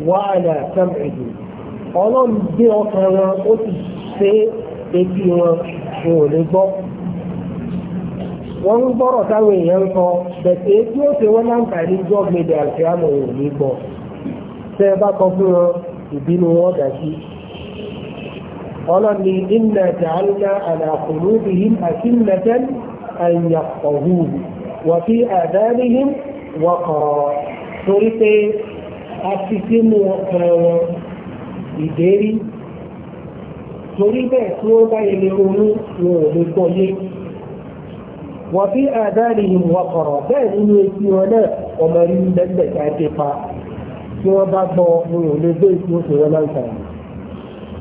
wàhálà sẹ́mìlì ọlọ́run gbé ọkàn wọn ó sì ṣe etí wọn wọn ò lè gbọ́ wọ́n ń gbọ́rọ̀ táwọn èèyàn ń sọ bẹ̀tẹ̀ tí ó ṣe wọ́n láǹfààní jọ́ gbèdè àṣìámọ̀ ò ní gbọ́ tẹ́ ẹ bá kọ fún wọn ìbínú wọn dà sí. ọlọ́ni inna ja'alna ala qulubihim akinnatan an yafqahuhu wa fi adanihim waqara torí pé a ti sínú ọkàn wọn ìdérí torí bẹ́ẹ̀ tí ó bá yẹ wọ́n fi àdáàlìhìn wọ́n kọ̀rọ̀ bẹ́ẹ̀ nínú etí wọn náà ọmọ rí lẹ́gbẹ̀ẹ́ ká ké pa tí wọ́n bá gbọ́ mi ò lè gbé ìtú oṣù wọn láǹfààní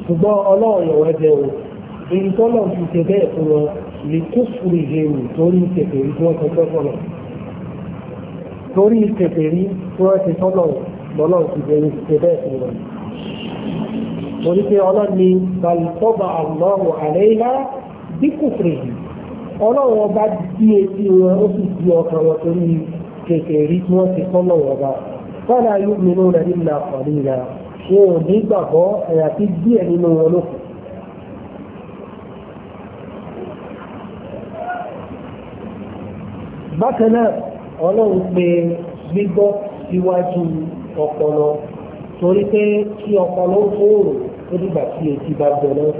ṣùgbọ́n ọlọ́run yọ̀wọ́ ẹbẹ̀ o èyí tó lọ́n ti ṣe bẹ́ẹ̀ fún wọn lè kó fúri ìhèrù torí ìṣẹ̀fẹ̀ rí tí wọ́n ti tọ́ sọ̀rọ̀ torí ìṣẹ̀fẹ̀ rí tí wọ́n ti tọ́lọ̀ lọ́lọ́run ti bẹ̀rẹ̀ ṣe bẹ́ẹ̀ fún wọn torí pé ọlọ́ni balùwọ́ bá àwọn àlẹ́ yìí ọlọ́run ọba di etí wọn ó sì di ọkàn wọn torí kékeré tí wọ́n ti kọ́nà wọn bá fọ́nà yóò mìíràn rẹ̀ nínú àkọ́lé ìlà wọn ò ní gbàgbọ́ àyàfi díẹ̀ nínú wọn lókun. bákan náà ọlọ́run pé gbígbọ́ síwájú ọpọlọ torí pé kí ọpọlọ ó ó dìgbà tí etí bá gbọ́ náà.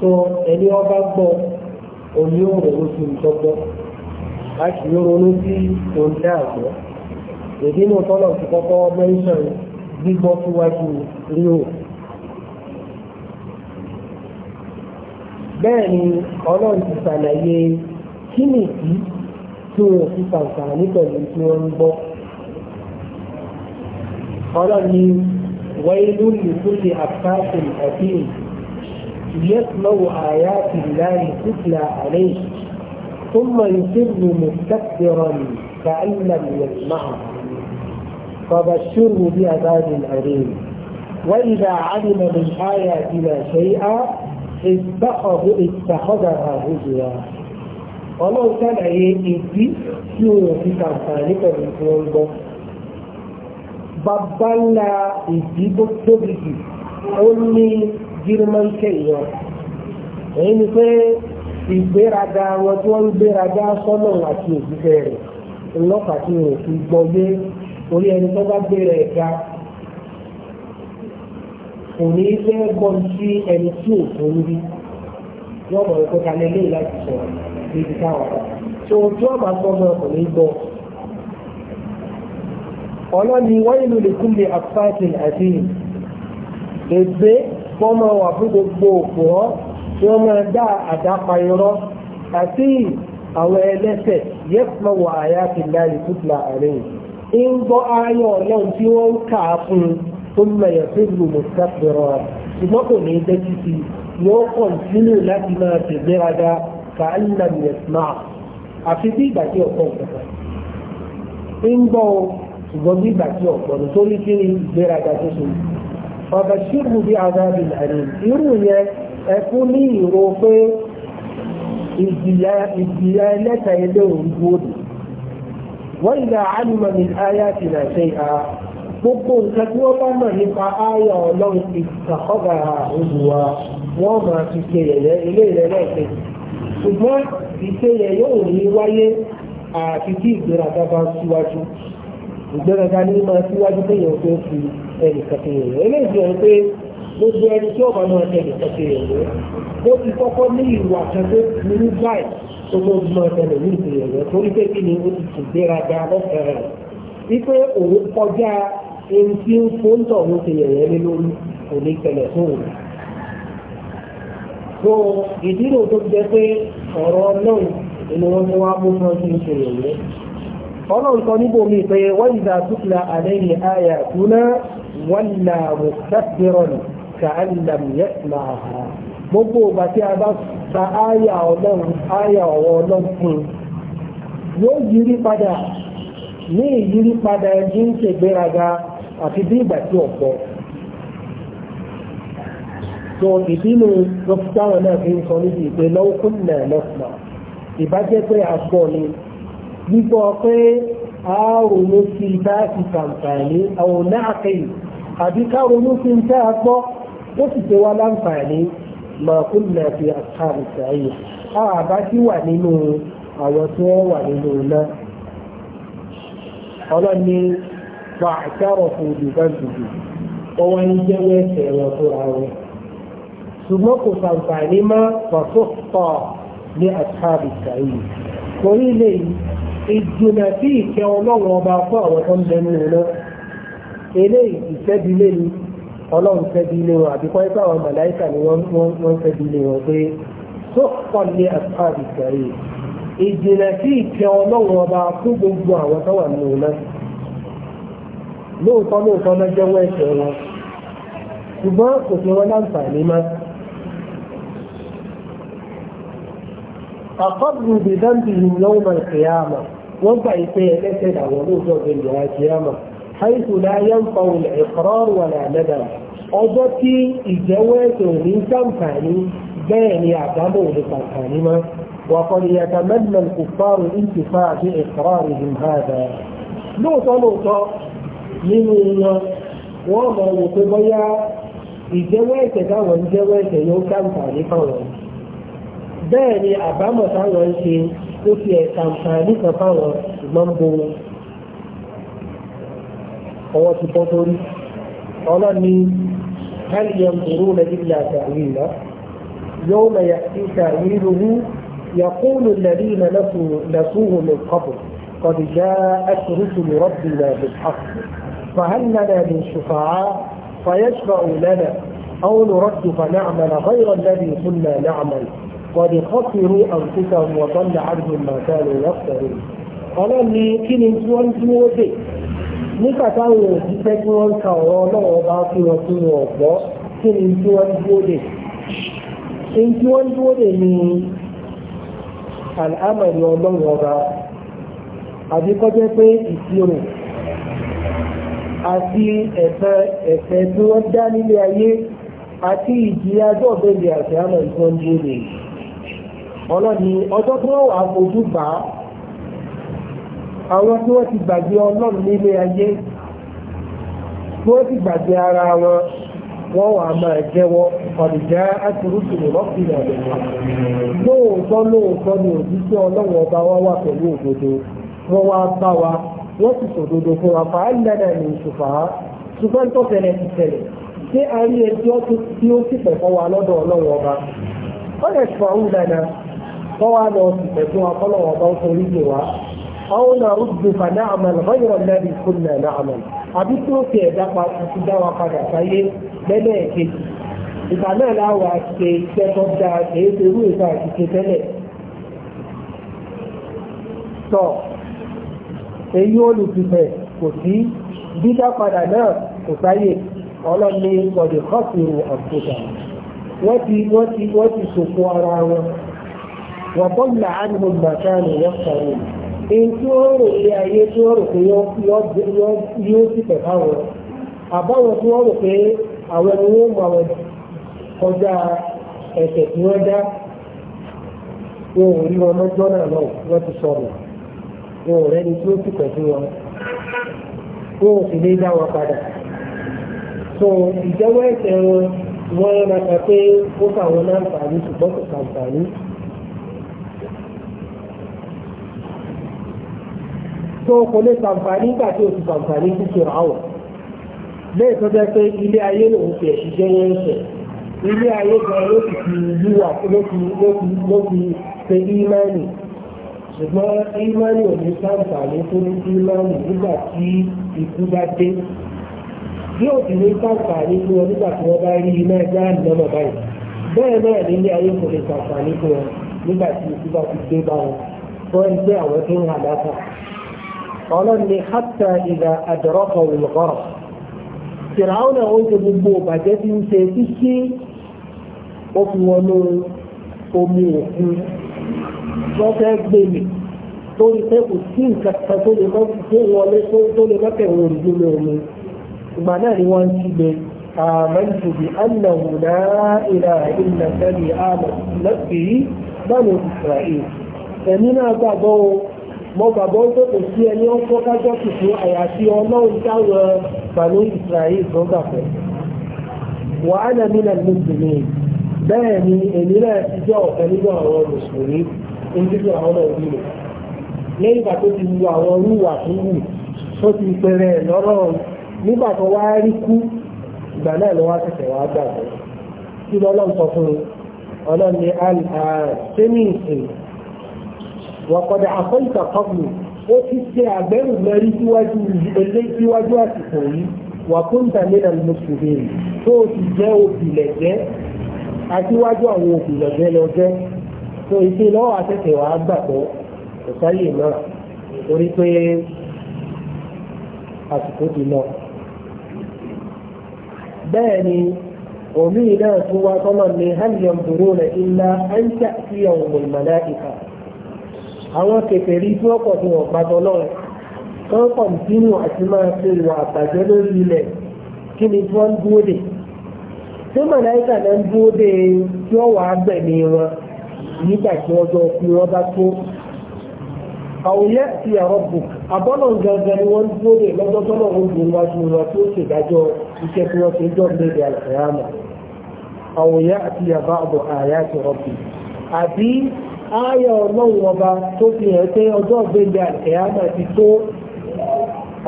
so ẹni ọba gbọ́ oní ọ̀rọ̀ ló fi ìtọ́gbọ́ a sì ń ronú sí ohun tí a gbọ́ èdè náà tọ́lọ̀ ti kọ́kọ́ mẹ́ńsàn gbígbọ́ síwájú ríò bẹ́ẹ̀ ni ọlọ́run ti ṣàlàyé kí nìdí tí wọn fi ṣàǹfààní pẹ̀lú tí wọ́n ń gbọ́ ọlọ́run ni wọ́n ilú ìfúnni àpáàkùn ẹ̀bí ìlú ليسمعوا آيات الله تتلى عليه ثم يصر مستكبرا كأن لم يسمعها فبشره بعذاب أليم وإذا علم من آياتنا شيئا اتخذها هزوا ولو كان ìdí في في في kàǹfààní pẹ̀lú بابا لا يجيب gbọ́ bàbá girman kai wọn èyí ni pé ìgbéraga wọn tí wọ́n ń gbéraga sọ́nà àti òṣìṣẹ́ rẹ̀ ńlọ́pàá tí wọn ò fi gbọ́ yé orí ẹni tó bá gbéra ẹ̀ ga kò ní í fẹ́ gbọ́n sí ẹni tí ò tó ń rí yóò mọ̀ pé kalẹ̀ lè láti sọ níbi táwọn ọ̀rọ̀ tó tí wọ́n máa gbọ́ náà kò ní gbọ́. ọlọ́ni wọ́n ìlú lè kúndé àfáàtì àti ègbé wọ́n máa wà fún gbogbo òpùrọ́ tí wọ́n máa dá àdápa irọ́ àti àwọn ẹlẹ́sẹ̀ yẹ́pọ̀ wà áyá ti láàyè fúdùlà àárín ń gbọ́ ayọ̀ ọlọ́run tí wọ́n ń kà á fún un tó ń mẹ̀yẹ̀ fún ìlú mùsàkìrọ̀ ṣùgbọ́n kò ní í dẹ́jú sí yóò kọ̀ǹtínú láti máa tẹ̀gbéraga ka allam yasma àfi bí ìgbà tí ọ̀pọ̀ nǹkan ń gbọ́ ṣùgbọ́n bí ìgbà tí ọ̀pọ̀ nítorí kí ni ìgbéraga tó ṣe yìí ọ̀bẹ̀ṣírù bí àdábì àrùn irú yẹn ẹkún ní ìró pé ìjìyà ìjìyà ẹlẹ́ta ilé òun dúró dì wọ́n ìlà àlùmọ̀ ní ayá ti nà ṣe à gbogbo nǹkan tí wọ́n bá mọ̀ nípa ayá ọlọ́run ti sàkọ́gà olùwà wọ́n máa fi ṣe yẹ̀yẹ́ ilé ìrẹ́lẹ́ ìkejì ṣùgbọ́n ìṣe yẹ̀yẹ́ òun ní wáyé àti kí ìgbéraga bá síwájú ìgbéraga ní máa síwájú pé èèyàn tó fi ẹnì kẹfẹ yẹn eléyìí fi hàn pé gbogbo ẹni tí ọba náà tẹnì kẹfẹ yẹn lé ó ti kọ́kọ́ ní ìwà kan tó burú báyìí tó tó máa tẹnì ní ìpìlẹ̀ rẹ̀ torí pé kí ni ó ti fi gbéraga lọ́fẹ̀ẹ́ rẹ̀ wípé òun kọjá ohun tí ń fún tọ̀ ń ṣe yẹ̀yẹ́ lórí òní tẹ̀lẹ̀ fún òun. tó ìdí ọlọ́run sọ níbo mi pé wọ́n ìdá tútùlà àlẹ́yìn àyà túná wọ́n là mú sẹ́pẹ̀rọ̀nù kàálàm yẹ́sùn àhà gbogbo ìgbà tí a bá ta àyà ọlọ́run àyà ọ̀wọ́ ọlọ́run fún yóò yírí padà ní ìyírí padà ẹni ń ṣègbéraga àti bí ìgbà tí ọ̀pọ̀ so ìbínú dókítà náà fi ń sọ níbi ìpè lọ́wọ́ lọ́sùnà ìbájẹ́ pé àgbọ̀ ni nígbọ́ pé a sí bá ti kàǹfààní àwọn náàkẹ́yì àbí káàrùn sí ń tẹ́ àgbọ́ ó fi àkàrù sàáyè àbá tí wà nínú àwọn tí wọ́n wà nínú náà ọlọ́ni pàṣẹ́rọ̀ fún olùgbàgbùgbù ó wá jẹ́wọ́ ẹ̀sẹ̀ ṣùgbọ́n kò sàǹfààní ìjìnà sí ìkẹ́ ọlọ́run ọba fún àwọn tó ń bẹ nínú iná eléyìí ìṣẹ́bílé ni ọlọ́run ṣẹ́bílé wọn àbíkọ́ ipá àwọn màláìkà ni wọ́n ṣẹ́bílé wọn pé tó kọ́ ní àtúntàbí ìgbàyè ìjìnà sí ìkẹ́ ọlọ́run ọba fún gbogbo àwọn tó wà nínú iná lóòótọ́ lóòótọ́ lọ́jọ́ wẹ́ẹ̀ṣẹ̀ wọn ṣùgbọ́n kò sí wọn láǹfààní máa أقروا بذنبهم يوم القيامة وضع سيئلة الأولوز في القيامة حيث لا ينفع الإقرار ولا ندم أضطي إجوات من تنفعني بين يعتبر لتنفعني وقد يتمنى الكفار الانتفاع بإقرارهم هذا لوطة لوطة من وما وقضيا إجوات دعوة إجوات يوم تنفعني bẹ́ẹ̀ ni àbámọ̀ táwọn ń ṣe ó fi ẹ̀ka àǹfààní kan fáwọn ṣùgbọ́n ń bo ọwọ́ ti bọ́ sórí ọlọ́ni hàlìyàn bèrú lẹ́yìn ilé àtàwí ìlà yóò mẹ ìta ìrúhu يقول الذين نسوه ní قبل قد جاءت رسل ربنا بالحق فهل لنا من شفعاء فيشفع لنا أو نرد فنعمل غير الذي كنا نعمل قد خسروا أنفسهم وضل عنهم ما كانوا يفترون ọlọ́run ní kí ni tí wọ́n tí wọ́n dè nígbà táwọn òṣìṣẹ́ tí wọ́n ń ka ọ̀rọ̀ ọlọ́run bá fi wọn sí wọn ọ̀gbọ́ kí ni tí wọ́n dúró dè ṣe tí wọ́n dúró dè ní àlámọ̀rí ọlọ́run ọba àbí pé ìṣirò àti ẹ̀fẹ́ ẹ̀fẹ́ tí wọ́n dá nílé ayé àti ìjìyà dọ́ọ̀bẹ̀lì àti àmọ̀ ìtọ́jú nìyí. ọlọ́ni ọjọ́ tí wọ́n wà fojú bá àwọn tí wọ́n ti gbàgbé ọlọ́run nílé ayé tí wọ́n ti gbàgbé ara wọn wọ́n wà máa jẹ́wọ́ ọ̀dìjẹ́ wọn. lóòótọ́ wa wà pẹ̀lú òdodo wọ́n wá wa wọ́n sòdodo fún wa ní ìṣùfà ṣùgbọ́n tó tẹ̀lé ti ṣé a rí ẹjọ́ tí ó ọba. tọ́wá lọ sí pẹ̀lú akọ́lọ́wọ́ bá ń torí lè wá àwọn náà ó dùn fà náà àmà lọ́yọ̀ lẹ́bi kún náà náà àmà àbí tí ó fi ẹ̀dá pa ti dá wa padà sáyé lẹ́lẹ́ kejì ìgbà náà láwà ṣe iṣẹ́ tó dáa èyí tó irú ìta àṣìṣe tẹ́lẹ̀ tọ́ èyí olùfìfẹ́ kò sí dídá padà náà kò sáyè ọlọ́ni kọ̀dé kọ́sìrò àkójá wọ́n ti wọ́n ti wọ́n ti ṣòfò ara wọn وضل عنهم ما كانوا يفترون إن تورو إلى أي تورو في يوم يوم يوم يوم تتفاوض àbáwọn tí wọ́n rò pé àwọn ẹni wọ́n mọ àwọn kọjá ẹ̀sẹ̀ tí wọ́n dá wọn ò rí wọn lọ́jọ́ náà lọ wọ́n ti sọ̀rọ̀ wọn ò rẹ́ni tí ó sì pẹ̀lú wọn wọn ò sì lè dá wọn padà so ìjẹ́wọ́ ẹ̀sẹ̀ wọn wọ́n rẹ̀ pé ó fà wọn láǹfààní ṣùgbọ́n kò kàǹfààní. tó kò lè sàǹfààní nígbà tí o ti sàǹfààní sí fìràwọ̀ lẹ́yìn tó jẹ́ pé ilé ayé lòun fi ẹ̀sìn jẹ́ yẹn ṣẹ̀ ilé ayé gan ló sì fi yíwà ló fi ló fi ṣe ímánì ṣùgbọ́n ímánì ò ní sàǹfààní ímánì nígbà tí ikú ọ nígbà tí wọ́n bá rí iná ẹgbẹ́ báyìí bẹ́ẹ̀ náà nílé ayé kò lè sàǹfààní fún ọ قالني حتى إذا ìlà àdọ̀rọ̀kọ̀ olùkọ́rọ̀ fìràwọn náà ó ṣe gbogbo bàjẹ́ tí ń ṣe títí ó fi wọnú omi òkun wọ́n fẹ́ gbé mi torí pé kò sí nǹkan kan tó lè mọ́ tó wọlé tó lè mọ́tẹ̀ wọn òrùjú mi omi ìgbà náà ni wọ́n ti gbé آمنت بأنه لا إله إلا الذي آمنت به بنو إسرائيل. فمن أتى mo gbàgbọ́ pé kò sí ẹni ọkọ kájọ́ kì fún àyàfi ọlọ́run táwọn bàlú Israel tó gbà fẹ́. wà á nà mí nà mùsùlùmí bẹ́ẹ̀ ni èmi náà ti jẹ́ ọ̀kan nínú àwọn mùsùlùmí nínú àwọn ọmọ òbí rẹ̀ lẹ́yìn ìgbà tó ti wu àwọn rúwà tó wù tó ti pẹ̀rẹ̀ lọ́rọ̀ nígbà tó wá rí kú ìgbà náà ló wá tẹ̀tẹ̀ wá gbàgbọ́ kí lọ́lọ́run وقد عصيت قبل وفي أعبان ماري سواجه أسفوني وكنت من المسلمين فوتي جاو في لجاء أسواجه أو في لجاء لجاء فإذا لو أتكي وعبكو وصلي ما أريد àsìkò ti lọ. Bẹ́ẹ̀ ni, omi náà tún wá tọ́lọ̀ ní hàlìyàn bùrú rẹ̀ ilá an tàbí àwọn mọ̀lmọ̀lá ìkà àwọn kèfèrí tí wọ́n pọ̀ tí wọ́n gbàgbọ́ náà wọ́n kọ̀ǹtínú àti máa ṣe ìwà àbàjẹ́ lórí ilẹ̀ kí ni tí wọ́n dúró dè ṣé màláìkà náà ń dúró dè tí wọ́n wàá gbẹ̀mí wọn nígbà tí wọ́n jọ fi wọ́n bá tó àwòyẹ ti àrọ́bù àbọ́nà gangan ni wọ́n dúró dè lọ́jọ́ tọ́lọ̀ ń gbé wájú wọn tó ṣèdájọ́ iṣẹ́ tí wọ́n ṣe jọ́ lédè àlùfáàmà àwòyẹ àti àbá àbọ̀ àyà ti rọ́bù àbí ayọ̀ ọlọ́run ọba tó fi hàn pé ọjọ́ ọ̀gbẹ́gbẹ́ àkẹ́yàmà ti tó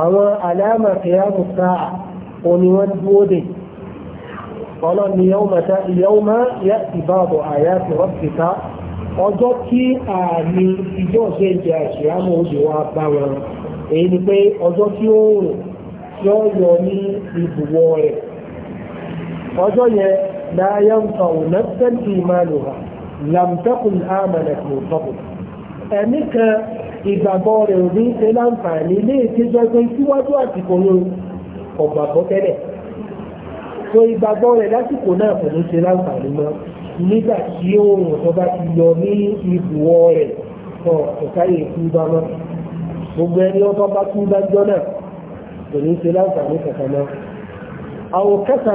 àwọn àlàmà kẹ́yàmù sáà òní wọ́n dúró dè ọlọ́run ni yawma ta yawma ya'ti ba'du ayati rabbika ọjọ́ tí àmì ìjọ ọ̀gbẹ́gbẹ́ àkẹ́yàmà òde wa bá wọn ni pé ọjọ́ tí ó rùn tí ó yọ ní làmtẹ́kùn àmàlẹ̀ kò tọ́kù ẹ̀mí kan ìgbàgbọ́ rẹ̀ ò ní ṣe láǹfààní ní ìkéjọ pé síwájú àsìkò yóò ọ̀gbàgbọ́ tẹ́lẹ̀ so ìgbàgbọ́ rẹ̀ lásìkò náà kò ní ṣe láǹfààní mọ́ nígbà tí oòrùn tó bá ti yọ ní ibùwọ̀ rẹ̀ sọ ọ̀sáyè túbá mọ́ gbogbo ẹni ọba bá túbá jọ náà kò ní ṣe láǹfààní kankan mọ́ àwọn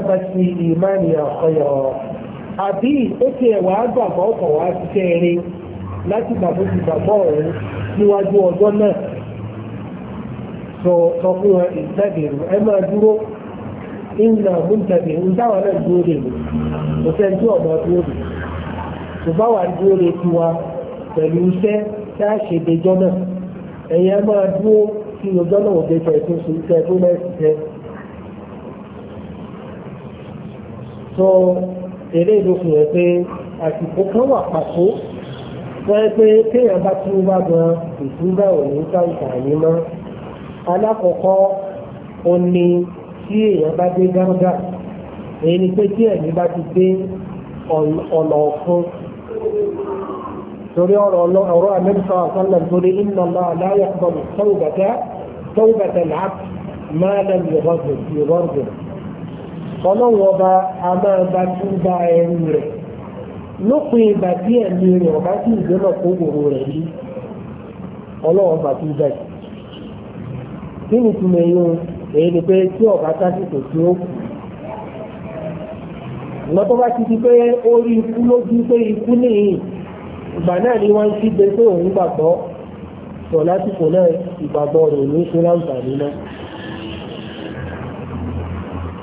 ìmáàmì àkọyọ̀ àbí ó ẹ̀wà àgbàgbọ́ ọkọ̀ wá ṣiṣẹ́ eré láti gbàgbọ́ ti gbàgbọ́ ọ̀hún níwájú ọjọ́ náà sọ sọ fún wọn ìtẹ́bìrù ẹ máa dúró ìnà múntẹ̀bìrù táwọn náà dúró lè mú kò sẹ́ni tí ọ̀nà dúró lè ṣùgbọ́n wà dúró lè tiwa pẹ̀lú iṣẹ́ tá a ṣe dejọ́ náà ẹ̀yẹ máa dúró kí ọjọ́ náà òde tẹ̀ tó ṣe tẹ̀ tó lẹ́sìn eléyìí ló fi hàn pé àsìkò kan wà pàtó wọ́n pé kéèyàn bá tún bá gan ìtúbà ò ní káǹkàní mọ́ alákọ̀ọ́kọ́ ó ní tí èèyàn bá dé gánga èyí ni pé tí ẹ̀mí bá ti dé ọ̀nà ọ̀fun torí ọ̀rọ̀ ọ̀rọ̀ amẹ́ríkà àkọlẹ̀ torí iná máa láyà gbọ́dọ̀ tọ́wùbẹ̀tẹ̀ tọ́wùbẹ̀tẹ̀ làá máa lẹ́nu ìrọ̀gbìn ìrọ̀gbìn. ọlọ́run ọba a máa bá tún bá ẹrú rẹ̀ lópin ìgbà tí ẹ̀mí rẹ̀ ọba tí ìgbélọ̀ kó wòrò rẹ̀ yí ọba tún kí ni yín èyí ni pé tí ọba sásìkò tí ó kù bá ti di pé ó rí ikú lójú pé ikú nìyí ìgbà náà ni wọ́n pé òun gbàgbọ́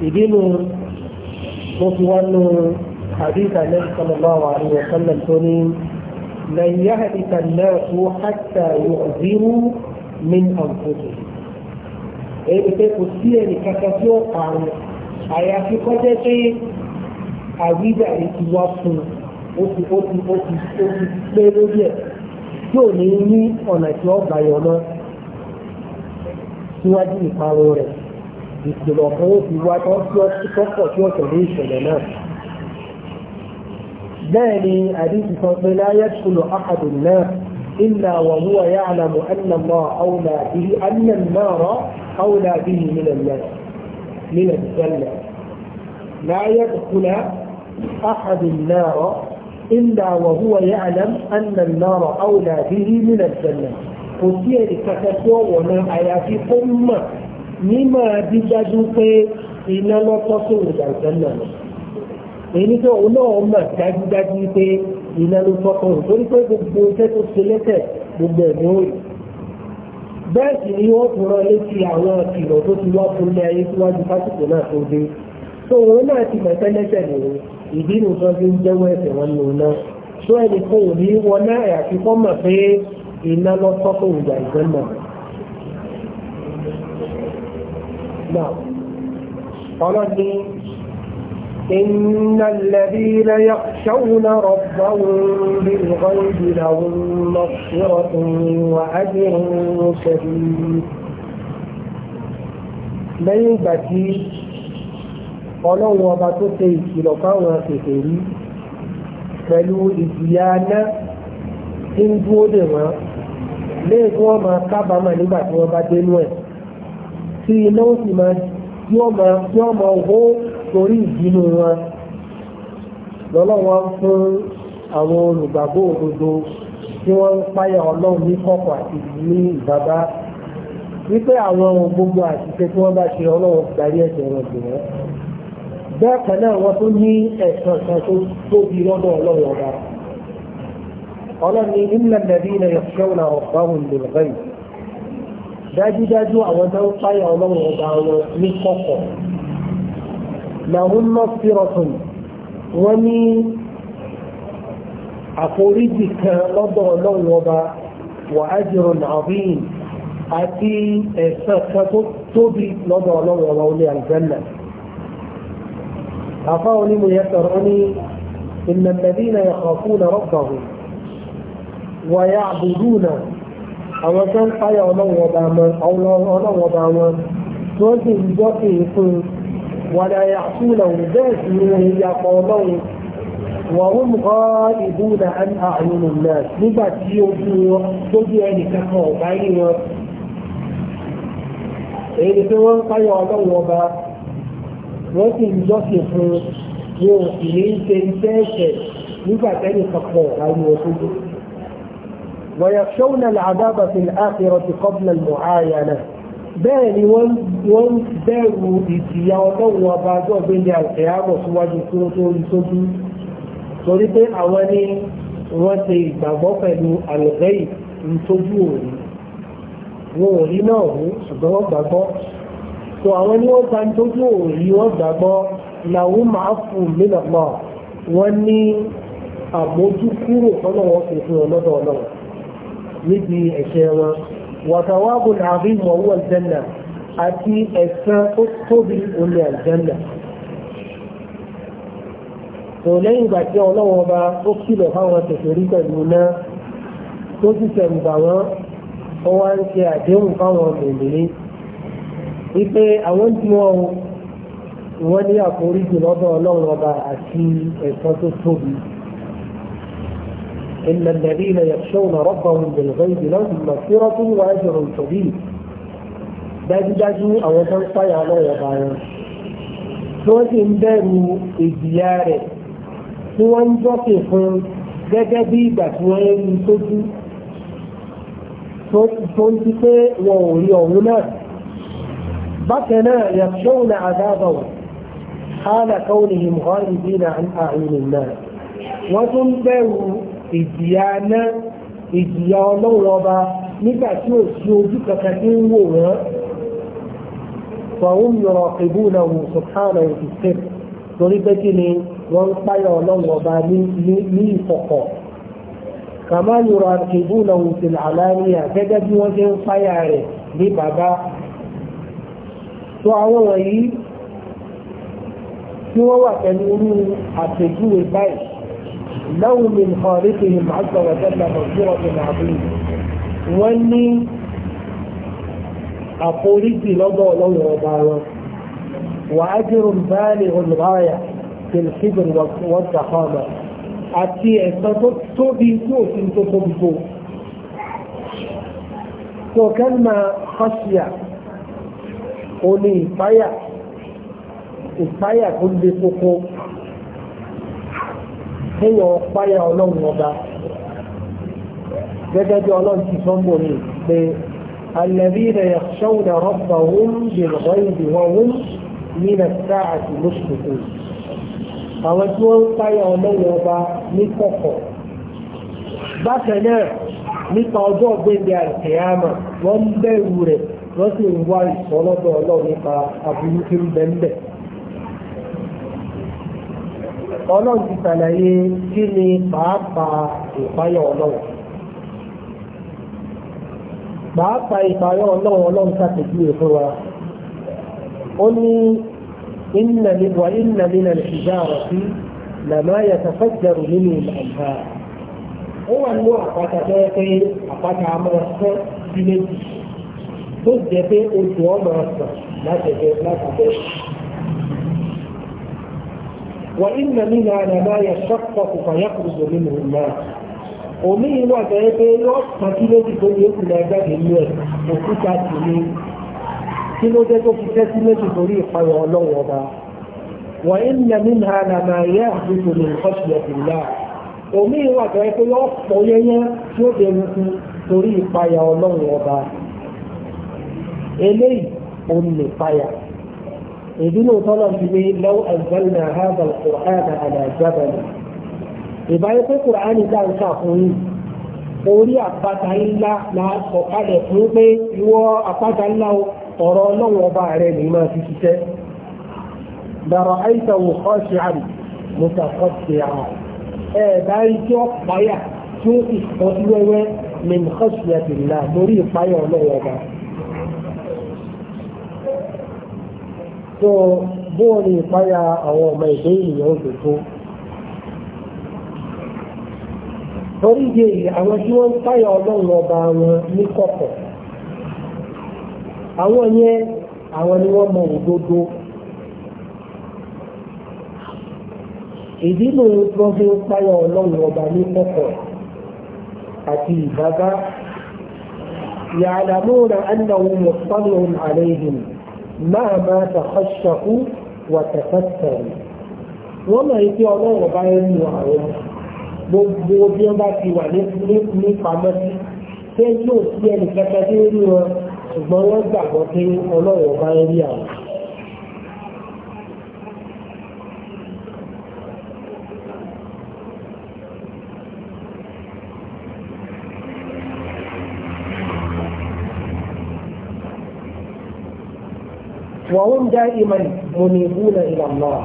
ìdínú tó fi wá nù hadith anabi sallallahu alayhi wa sallam tó ní lan yahdika an-nasu hatta yu'ziru min anfusihim èyí pé kò sí ẹnì kankan tí ó parun àyàfi kọjá pé àwíjà rẹ ti wá fún ó ti ó ti ó ti ó ti pé lórí ẹ tí ò ní ní ọ̀nà tí ó gbà yọ náà síwájú ìparun rẹ̀. ìpìlọ̀ kan ó fi wá tọ́pọ̀ tí ó tẹ̀lé ìṣẹ̀lẹ̀ náà bẹ́ẹ̀ ni àdíjì sọ pé láyé kúlò ákàdùn náà إلا وهو يعلم أن الله أولى به أن النار أولى به من الناس من الجنة لا يدخل أحد النار إلا وهو يعلم أن النار أولى به من الجنة kò sí ẹnì ní máa bí dájú pé iná lọ́tọ́ tó lè dàgbẹ́ náà lọ. èyí tó òun náà mà dájúdájú pé iná pé gbogbo iṣẹ́ tó ṣe gbogbo ẹ̀mí bẹ́ẹ̀ sì ni wọ́n tún rán létí àwọn ìlọ̀ tó ti wá fún ilé síwájú fásitì náà tó dé. tó òun náà ti mẹ̀fẹ́ lẹ́sẹ̀ nìyẹn ìdí nu fi ń jẹ́wọ́ ẹ̀sẹ̀ wọn lò náà. tó ẹnì kan náà ọlọ́ni إن الذين يخشون ربهم بالغيب لهم مغفرة وأجر كبير lẹ́yìn ìgbà tí ọlọ́run ọba tó ṣe ìkìlọ̀ fáwọn kèfè rí pẹ̀lú ìjìyà aná tí ń dúó dè wọ́n léè tí kábàámà nígbà tí wọ́n bá dénú ẹ̀ tí iná ó sì máa yóò máa yóò máa hó torí ìbínú wọn lọ́lọ́wọ́ fún àwọn olùgbàgbọ́ òdodo tí wọ́n ń páyà ọlọ́run ní kọ̀kọ̀ àti ní ìbábá wípé àwọn ohun gbogbo àṣìṣe tí wọ́n bá ṣe ọlọ́run darí ẹ̀ṣẹ̀ wọn jù wọ́n bẹ́ẹ̀ kan náà wọ́n tún ní ẹ̀sán kan tó tóbi lọ́dọ̀ ọlọ́run ọba ọlọ́run ní nílẹ̀ nàbí ilẹ̀ yọ̀ṣẹ́ òun àwọn ọ̀gbáhùn lè rẹ̀ yìí dájúdájú àwọn tó ń fáyà ọlọ́run ọba wọn ní kọ̀kọ̀ làwọn náà fìrọ̀tún wọ́n ní àforíjì kan lọ́dọ̀ ọlọ́run ọba wà á jẹrọ nàbíyìn àti ẹ̀sán kan tó tóbi lọ́dọ̀ ọlọ́run ọba olè àlùjẹ́nà àfáà onímọ̀ yẹn sọ̀rọ̀ ní ìnàmẹ́lì yẹ kọ̀ọ̀kú náà rọ́bà wọ́n wà náà àwọn tó ń fáyà ọlọ́run ọba wọn tí wọ́n sì ń gbọ́ sí ìfún wàdà yàtúnà bẹ́ẹ̀ sì ni wọ́n yàpọ̀ ọlọ́run wọ́n ń kọ́ ìbú na àrùn náà nígbà tí ojú wọn tó bí ẹnì kankan ọ̀gá yìí wọn. èyí tí wọ́n ń fáyà ọlọ́run ọba wọ́n sì ń gbọ́ sí ìfún wọn ò sì ní í ṣe iṣẹ́ ẹ̀ṣẹ̀ nígbà tẹ́nì kankan ọ̀gá yìí wọn tó dé. ويخشون العذاب في الآخرة قبل المعاينة bẹ́ẹ̀ ni wọ́n bẹ̀rù ìjìyà ọlọ́run ọba ọjọ́ ìgbéǹde àìkẹ́yàmọ̀ síwájú kí ó tó rí sójú torí pé àwọn ni wọ́n ṣe ìgbàgbọ́ pẹ̀lú àlùbẹ́yì ìtójú òní wọn ò rí náà mú ṣùgbọ́n wọ́n gbàgbọ́ tó àwọn ni wọ́n bá ń tójú òní wọ́n gbàgbọ́ làwọn máa fún un nílọ̀pọ̀ wọ́n ní àmójúkúrò ọlọ́wọ́ fi fún ọlọ́dọ̀ ọlọ́run níbi ẹ̀ṣẹ̀ wọn wàtàwábù àbín wọ̀wọ́ aljanna àti ẹ̀san tó tóbi olè aljanna tó lẹ́yìn ìgbà tí ọlọ́wọ́ bá ó kìlọ̀ fáwọn tẹ̀sẹ̀ rí pẹ̀lú náà tó sì tẹ̀rù bà wọ́n ó wá ń ṣe àdéhùn fáwọn mèmìlì wípé àwọn tí wọ́n ní àforíjì lọ́dọ̀ ọlọ́run ọba àti ẹ̀san tó tóbi. إن الذين يخشون ربهم بالغيب لهم مغفرة وأجر كبير dájúdájú àwọn tó ń páyà náà ọba wọn tí wọ́n sì ń bẹ̀rù ìjìyà rẹ̀ tí wọ́n ń jọ́sìn fún gẹ́gẹ́ bí ìgbà tí wọ́n ń rí sójú tó ń di pé wọn ò rí ọ̀hún náà bákan náà yàtúnṣẹ́wọ̀n àdáàbà wọn hálà káwọn èèyàn mọ́rin bí náà àrùn náà wọ́n tún bẹ̀rù ìjìyà aná ìjìyà ọlọ́run ọba nígbà tí ò sí ojú kankan tí ń wò wọ́n fọ̀hún yọ̀rọ̀ ìbú náà wò sùkánà òṣìṣẹ́ torí pé kí ni wọ́n ń páyà ọlọ́run ọba ní ìkọ̀kọ̀ kàmá yọ̀rọ̀ ìbú náà wò sí gẹ́gẹ́ bí wọ́n ṣe ń páyà rẹ̀ ní bàbá tó àwọn wọ̀nyí tí wọ́n wà pẹ̀lú irú àpèjúwe báyìí من خالقهم عز وجل مغفرة عظيمه واني اقول ا ن لو رضاوى واجر بالغ الغاية ل غ ا ي ة في الكبر والضخامه اتي اتوبي تو انتم تو تو كلمه خشيه قولي طيع فيا كل بفقوق kéèyàn páyà ọlọ́run ọba gẹ́gẹ́ bí ọlọ́run ti sọ́mbò ní pé الذين يخشون ربهم بالغيب وهم من الساعة مشركون àwọn tí wọ́n ń páyà ọlọ́run ọba ní kọ̀kọ̀ bákan náà nípa ọjọ́ ọ̀gbẹ́ndẹ̀ àìsèyàmà wọ́n ń bẹ̀rù rẹ̀ wọ́n ń wá ìsọ́lọ́dọ̀ ọlọ́run nípa àbúrú tí ń bẹ́ńbẹ̀ ọlọ́run ti ṣàlàyé kí ni pàápàá ìpáyọ̀ ọlọ́run pàápàá ìpáyọ̀ ọlọ́run ọlọ́run ṣàpèjúwe fún wa ó ní wà ìnà nínà ìjà ọ̀rọ̀ sí làmá yàtọ̀ fẹ́jẹ̀rù nínú ìlànà ó wà ní àpáta bẹ́ẹ̀ pé àpáta máa fẹ́ sí méjì tó jẹ́ pé oṣù ọmọ ọ̀sán láti ẹgbẹ́ láti ẹgbẹ́ وإن منها لما يشقق فيخرج منه الماء omi ìwà bẹ̀rẹ̀ pé yóò kàn kí ló dìbò kù ẹ̀ òkúta ni kí ló dé tó fi sí méjì torí ìpayọ̀ ọlọ́wọ́ ọba wà ń nà mí nà nà yẹ àdúgbò ní nǹkan ṣe ẹ̀sìn ńlá omi ìwà bẹ̀rẹ̀ pé yóò pọ̀ yẹyẹ tí ó ọba eléyìí ìdínú tọ́lọ̀ ti ní lọ́wọ́ ẹ̀gbẹ́nà hábàl kùránà àlàjábẹ̀lì ìbáyé pé kùránì dá ń kà fún yìí orí àpáta ńlá la sọ kalẹ̀ fún pé ìwọ àpáta ńlá ọ̀rọ̀ ọlọ́run ọba rẹ̀ ní máa fi ṣiṣẹ́ dàrọ̀ àìsàn wò ṣe àmì mo ṣàkọ́ ṣe àmì ẹ̀ bá ń jọ́ páyà fún ìfọ́síwẹ́wẹ́ min khashyati llah lórí ìpáyà ọlọ́run ọba. tó bóò ní ìpáyà àwọn ọmọ ìgbé ènìyàn òkè tó torí ìdí èyí àwọn tí wọ́n ń páyà ọlọ́run ọba wọn ní kọ̀kọ̀ àwọn yẹn àwọn ni wọ́n mọ òdodo ìdí lòun fi ń páyà ọlọ́run ọba ní kọ̀kọ̀ àti ìbábá ya'lamuna annahu muttalun alayhim máàmá tàkọ́ṣàkú wà tàkọ́ṣàkú wọ́n mọ̀ ní pé ọlọ́run bá ń lu àwọn gbogbo bí wọ́n bá ti wà ní pamọ́ sí pé yóò sí ẹnì kẹta tí rí wọn ṣùgbọ́n wọ́n gbàgbọ́ pé ọlọ́run bá ń rí àwọn. وهم دائما منيبون إلى الله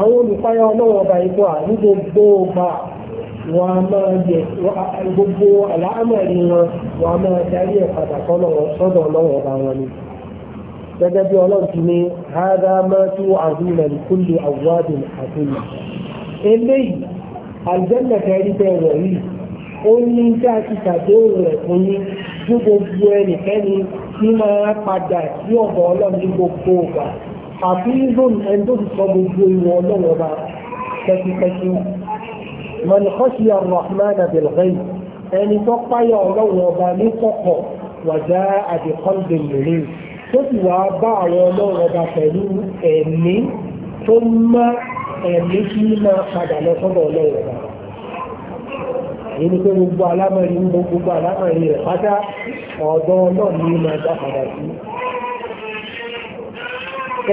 àwọn olùpáyà ọlọ́wọ́ ọba ikú à ní gbogbo ọba wọn a máa yẹ gbogbo àlámọ̀rí wọn wọn a máa darí ẹ̀ padà sọ́dọ̀ ọlọ́wọ́ ọba wọn ni. gẹ́gẹ́ bí ọlọ́run ti ní hádá máa tú àhúnà kulli àwùwádìí àtúnyà. eléyìí àlùjẹ́nà kẹrí bẹ́ẹ̀ wọ̀ ó ní dáàtì tàbí òun rẹ̀ fún yín ju gbogbo ẹnikẹ́ni tí máa padà sí ọ̀dọ̀ ọlọ́run ní gbogbo ọ̀gbà àbí lónìí ẹni tó ti sọ gbogbo ìwọ ọlọ́run ọba pẹ́kípẹ́kí. man khashiya ar-rahman bil-ghayb ẹni tó páyà ọlọ́run ọba ní kọ̀kọ̀ wàjá àdìkọ́ndé lèrè tó sì wá bá àwọn ọlọ́run ọba pẹ̀lú ẹ̀mí tó má ẹ̀mí kí máa padà lọ sọ́dọ̀ ọlọ́run ọba èyí ni pé gbogbo alámọ̀rí ń gbogbo alámọ̀rí rẹ̀ pátá ọ̀dọ́ náà ní máa dá padà sí.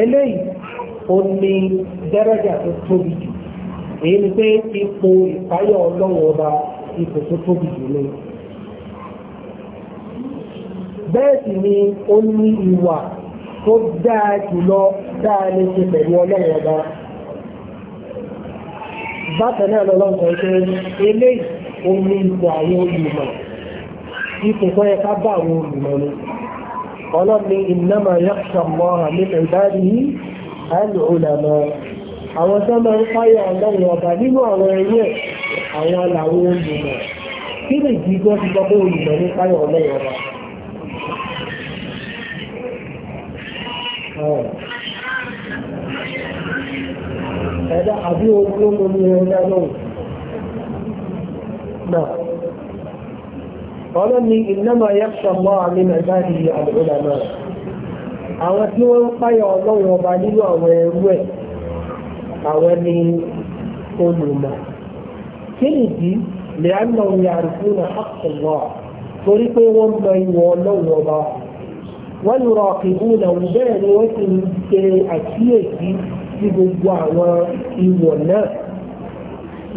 eléyìí ó ní dẹ́rẹ́jà tó tóbi jù èyí ni pé ipò ìpáyọ̀ ọlọ́wọ́ ọba ipò tó tóbi jù ní. bẹ́ẹ̀ sì ni ó ní ìwà tó dáa jùlọ dáa lè ṣe pẹ̀lú ọlọ́wọ́ ọba bákan náà lọ́wọ́ sọ pé eléyìí omi ipò àwọn olùmọ̀ ipò tó yẹ ká bá àwọn olùmọ̀ ni ọlọ́ni ìnáma yàtọ̀ mọ́ àmì ìbáàdì yìí àlùhùlàmọ́ àwọn tó máa ń fáyà ọlọ́run ọba nínú àwọn ẹ̀yẹ àwọn làwọn olùmọ̀ kí lè jí gbọ́ ti gbọ́ pé olùmọ̀ ní fáyà ọlọ́run ọba. ẹ̀dá àbí ogún omi ẹ̀dá náà náà ọlọ́ni ìnáma yẹ́pṣọ̀ mọ́ àmì nàìjíríà di àwọn tí wọ́n ń páyà ọlọ́run ọba nínú àwọn ẹrú ẹ̀ àwọn ni olùmọ̀ kí nìdí lè á nà òun yàrá fún náà àkùnwà torí pé wọ́n mọ ọba náà ni wọ́n ti ń ṣe àkíyèsí sí gbogbo àwọn ìwọ̀ náà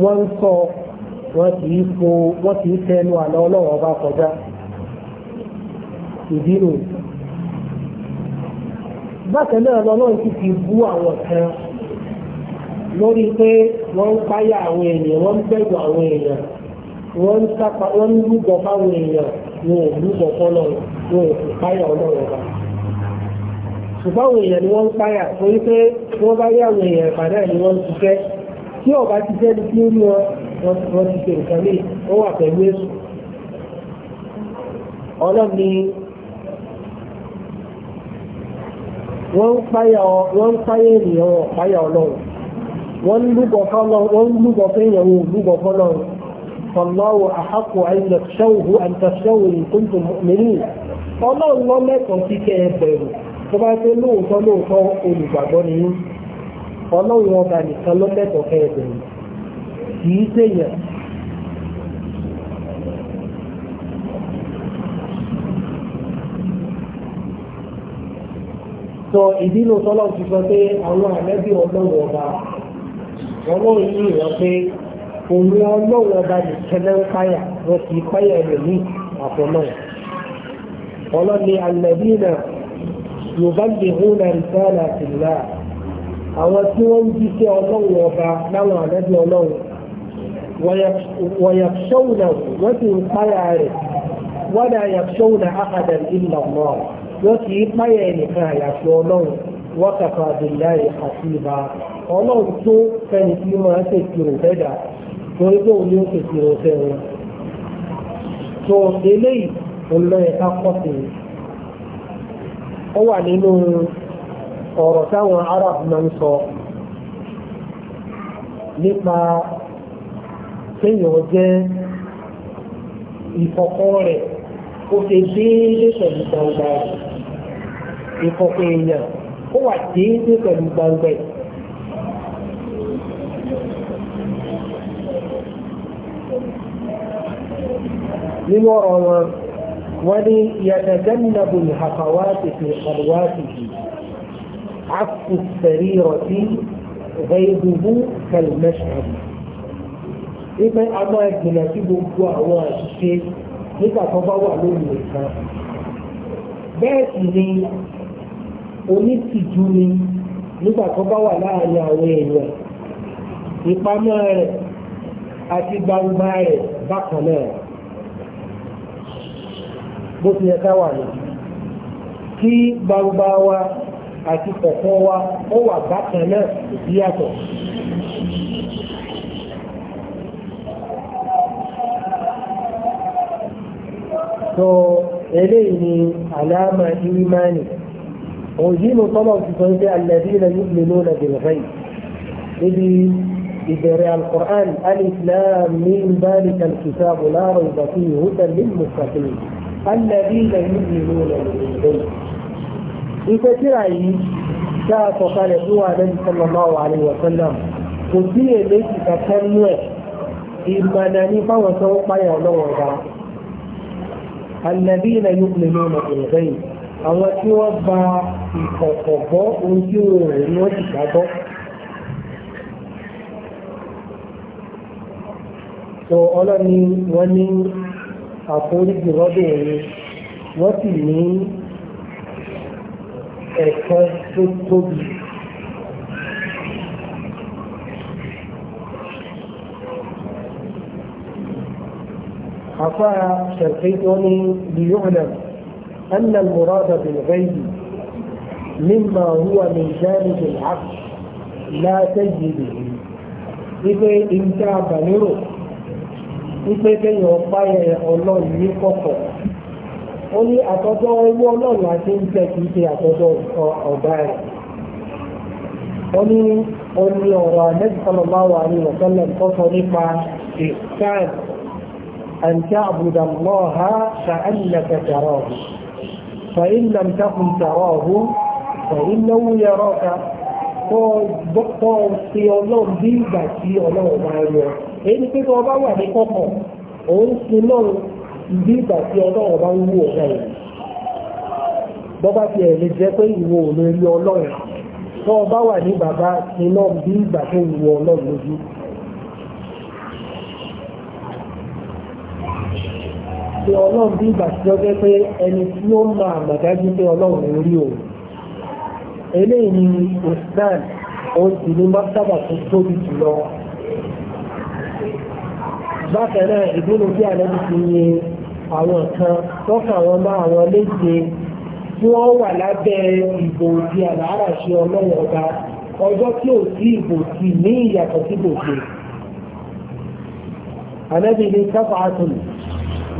wọ́n ń sọ wọ́n kì í fo wọ́n kì í tẹnu àná ọlọ́run ọba kọjá ìdí nù. bákan náà lọ́lọ́run sì fi bú àwọn kan lórí pé wọ́n ń páyà àwọn èèyàn wọ́n ń bẹ̀rù àwọn èèyàn wọ́n ń lúgọ fáwọn èèyàn wọn ò lúgọ fọ́lọ́run wọn ò sì páyà ọlọ́run ọba ṣùgbọ́n èèyàn ni wọ́n ń páyà torí pé wọ́n bá rí àwọn èèyàn ìpàdé ni wọ́n ń ṣiṣẹ́ tí ọba ti jẹ́ ní kí ó ní wọn wọ́n ti ṣe nǹkan lè wọ́n wà pẹ̀lú èṣù ọlọ́run ni wọ́n ń páyà ènìyàn wọn páyà ọlọ́run wọ́n ń lúbọ̀ fẹ́yàn wọn lúbọ̀ fọ́lọ́run فالله أحق أن تخشوه أن تخشوه إن كنتم مؤمنين. الله الله لا tó bá lóòótọ́ ni yín ọlọ́run ọba nìkan ló lẹ́tọ̀ọ́ ẹ̀bẹ̀rẹ̀ kì ṣèyàn sọ ìdílò tọ́lọ́ ti sọ pé àwọn ọba ọlọ́run yìí pé òun ọlọ́run ọba nìkan páyà ẹ̀mí يبلغون رسالة الله àwọn tí wọ́n ń jíṣẹ́ ọlọ́run ọba láwọn àdájọ́ ọlọ́run wọ̀yàpṣọ́wùnà wọ́n ti ń páyà rẹ̀ wọ́dà yàpṣọ́wùnà àkàdà ìlà náà wọ́n ti ń páyà ẹnìkan àyàfẹ́ ọlọ́run wọ́kàfà àbẹ̀láyé àti ìbá ọlọ́run tó fẹ́ni tí máa ń ṣèkìrò fẹ́dà torí pé òun ló ń ṣèkìrò fẹ́ wọn. tó eléyìí òun lọ yẹ ká kọ́ sí i ó wà nínú ọ̀rọ̀ táwọn arab máa ń sọ nípa kéèyàn jẹ́ ìkọ̀kọ̀ rẹ̀ ó ṣe déédé pẹ̀lú gbangba ìkọ̀kọ̀ èèyàn ó wà déédé pẹ̀lú gbangba nínú ọ̀rọ̀ wọn ولي يتجنب الهفوات في خلواته عف السريرة غيظه كالمشهد إذا أما جنسيب وهو الشيء nígbà tó bá wà lórí nìkan bẹ́ẹ̀ sì ni onítìjú ni nígbà tó bá wà láàrin àwọn èèyàn ìpamọ́ rẹ̀ àti gbangba rẹ̀ bákan náà bó ti yẹ ká wà ní kí gbangba wa àti kọ̀kọ́ wa ó wà bákan náà sí yàtọ̀. so eléyìí ni àlámà ìmánì òyìnbó tọ́lọ̀ ti sọ pé alladhina yu'minuna bil ghaib níbi ìbẹ̀rẹ̀ al-Qur'an alif lam mim dhalika al-kitabu la rayba fihi hudan lil-muttaqin. الذين يؤمنون بالغيب ìfẹ́ tíra yìí dá àkọkalẹ̀ tó wà lẹ́yìn sallallahu alaihi wa sallam kò sí èlé ìta tẹ́lú ẹ̀ ìmọ̀nà ní fáwọn tó ń páyà ọlọ́wọ́ ọba alladhina yu'minuna bil àwọn tí wọ́n gba ìkọ̀kọ̀ bọ́ ojú rẹ̀ ni wọ́n ti gbàgbọ́. so ọlọ́ni wọ́n ní àforíjì lọ́bìnrin wọ́n sì ní ẹ̀kọ́ tó tóbi. عطاء شرقيطني ليعلم أن المراد بالغيب مما هو من جانب العقل لا تجده إذا انتهى نره wípé kéèyàn ọ̀pá ọlọ́run ní kọ̀kọ̀ ó ní àtọ́jọ́ owó ọlọ́run àti ń jẹ́ kìí ṣe àtọ́jọ́ ọ̀gá rẹ̀ ó ní oní ọ̀rọ̀ àmẹ́jì sọlọ́mọ́ wà ní ọ̀sẹ́lẹ̀ tó sọ nípa ìsáàn àǹtí àbùdà mọ́ha ṣàánilẹ̀kẹ̀ tàrọ̀hù fàyín lẹ́m tẹ́kùn tàrọ̀hù fàyín lówó yẹrọ̀ ká tó sí ọlọ́run bí ìgbà tí ọlọ́run máa yọ èyí pé tó ọba wà ní kọ̀kọ̀ òun ti lọ́run bí ìgbà tí ń wú ọ̀gá ti ẹ̀ pé ìwọ ò lè rí ọlọ́run tó ọba wà ní bàbá ti bí ìgbà tó ọlọ́run lójú. ọlọ́run bí pé ẹni tí ó pé ọlọ́run rí òun eléyìí ni usman ó sì ní tó tóbi jùlọ bákan náà ìdúró bí àlejò ti yẹ àwọn kan tọ́ka wọn bá àwọn léṣe tí wọ́n wà lábẹ́ ìbò ti àlàárà ṣe ọlọ́run ọba ọjọ́ tí ò sí ìbò ti ní ìyàtọ̀ sí gbòògbé. Ànábì ni sáfà àtùn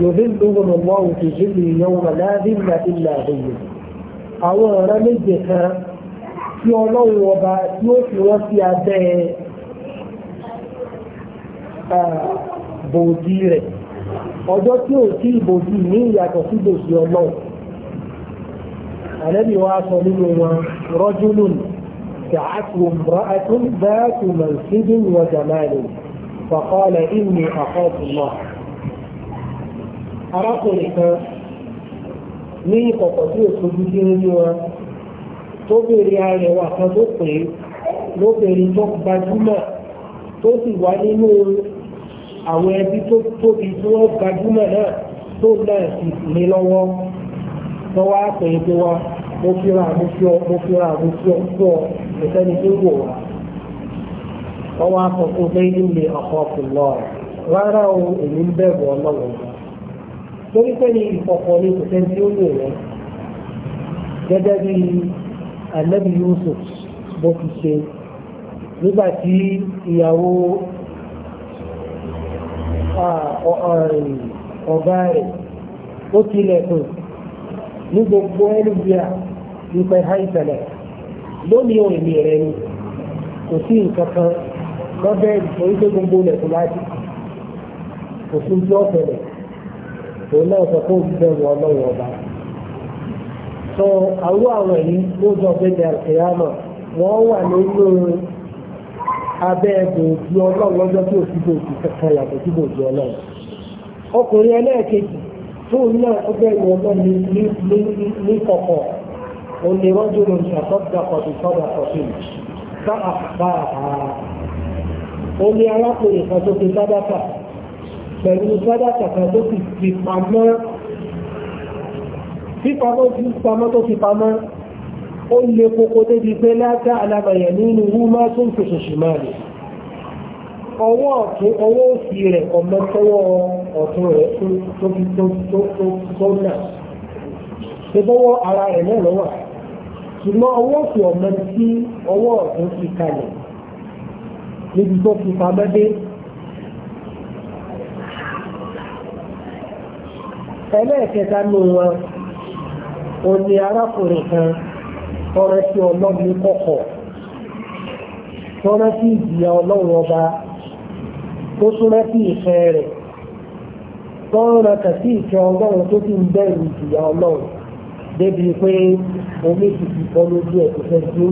yòdì lóhùn ọmọ òkè ìlú ìyẹn wọn láàbí ìlà ìlà òyìn. Àwọn ọ̀rẹ́ méje kan tí ọlọ́run ọba tí ó fi wọ́n sí abẹ́ bòdì rẹ̀ ọjọ́ tí ò tí ìbòdì ní ìyàtọ̀ sí bòdì ọlọ́run àlẹ́bí wa sọ nínú wọn rọ́júlùn dàátù mùràátùn dáàtù mọ̀sídùn wa jàmáàlì fàkọ́lẹ̀ ìmì àkọ́tùmọ̀ arákùnrin kan ní ìkọ̀kọ̀ tí ò sojú sí nínú wọn tó béèrè arẹwà kan tó pè é lóbìnrin tó gbajúmọ̀ tó sì wà nínú àwọn ẹbí tó tóbi tí wọ́n gbajúmọ̀ náà tó náà sì ní lọ́wọ́ wọ́n wá pè é pé wá mo fira mo fi ọ mo fira mo fi ọ fún ọ ìfẹ́ni tó wò wá. wọ́n wá sọ fún ilé ọkọ̀ rárá o èmi ń bẹ̀rù wa. pé ní ìkọ̀kọ̀ ni kò sẹ́ni tí ó Yusuf bó ti ṣe nígbà tí ọ̀gá rẹ̀ ó tilẹ̀kùn ní gbogbo ẹ̀rù bíà nípa ẹ̀há ìṣẹ̀lẹ̀ lónìí òrìlì rẹ̀ ni kò sí nǹkan kan lọ́bẹ̀ gbogbo lẹ̀kùn láti kò sí tí ó tẹ̀lẹ̀ náà sọ pé òṣìṣẹ́ ìwọ ọlọ́run ọba sọ àwọn àwọn ẹ̀yìn wọ́n wà abẹ́ bòòjú ọlọ́run lọ́jọ́ tí ò sí bòòjú kankan yàtọ̀ sí bòòjú ọlọ́run ọkùnrin ẹlẹ́ẹ̀kejì tóun náà ó bẹ̀rù ọlọ́run ní kọ̀kọ̀ òun ni rọ́jò lòun ṣàtọ́jà kọ̀tù sọ́dà kọ̀tù ká àpá àhàrà ó ní arákùnrin kan tó fi sádàkà pẹ̀lú sádàkà kan tó fi pamọ́ fífamọ́ tó fi pamọ́ ó lè kókó débi pé látà alábàyà nínú wúmá tó ń fèsò ṣìmáàlì ọwọ́ ọ̀tún ọwọ́ òsì rẹ̀ ọmọ tọwọ́ ọ̀tún rẹ̀ tó fi tó nà ṣe bọ́wọ́ ara rẹ̀ náà lọ́wọ́ ṣùgbọ́n ọwọ́ òsì ọmọ tí ọwọ́ ọ̀tún fi kalẹ̀ níbi tó fi pamọ́ dé ẹlẹ́ẹ̀kẹta nù wọn òní arákùnrin kan tọrẹ sí ọlọ́run kọ̀kọ̀ tọrẹ sí ìjìyà ọlọ́run ọba tó súnmọ́ sí ìfẹ́ rẹ̀ tọrẹ kà ìfẹ́ ọlọ́run tó ti ń bẹ̀rù ìjìyà ọlọ́run débi pé omi ti fi bọ́ lójú ẹ̀ tó fẹ́ sí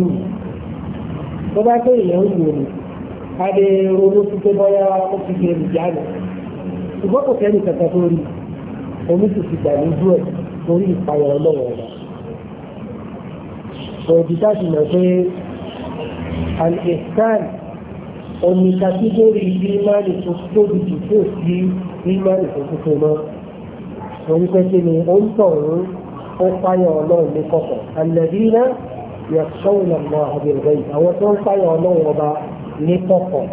tó bá pé èèyàn ń wò adé ronú sí pé bọ́yá ó ti fi èrè jáde ṣùgbọ́n kò kẹ́ni kankan tó rí omi ti fi gbà lójú ẹ̀ torí ìpayà ọlọ́run ọba òdìdá ti mọ̀ pé al-ihsan omi kàtígórì ìmánì tó tóbi jù tó sí ìmánì tó tuntun náà torí pé kí ni ó ń tọ̀rún ó fáyọ̀ ọlọ́run ní kọ̀kọ̀ alladhina yakhshawna Allaha bil-ghayb àwọn tó ń fáyọ̀ ọlọ́run ọba ní kọ̀kọ̀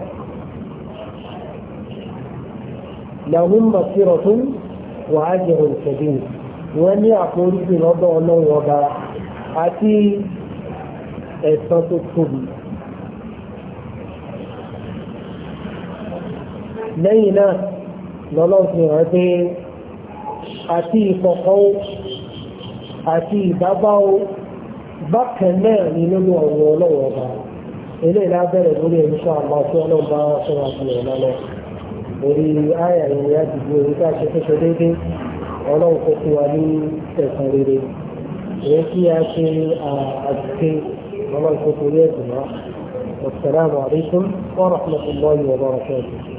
lahum maghfiratun wa ajrun kabir wọ́n ní àforíjì lọ́dọ̀ ọlọ́run ọba àti ẹ̀san tó tóbi. lẹ́yìn náà lọ́lọ́ fi hàn pé àti ìkọ̀kọ́ àti ìbábá o bákan náà ni nínú ọ̀rọ̀ ọlọ́wọ́ ọba eléyìí lábẹ́rẹ̀ lórí ẹ̀ṣọ́ àmọ́ tí ọlọ́run bá fún wa ọ̀nà lọ orí ayà ìrìn àdìgbò orí tá a déédéé ọlọ́run kò fún wa ní ẹ̀san rere. يكي أشي أشي والله الحكومية والسلام عليكم ورحمة الله وبركاته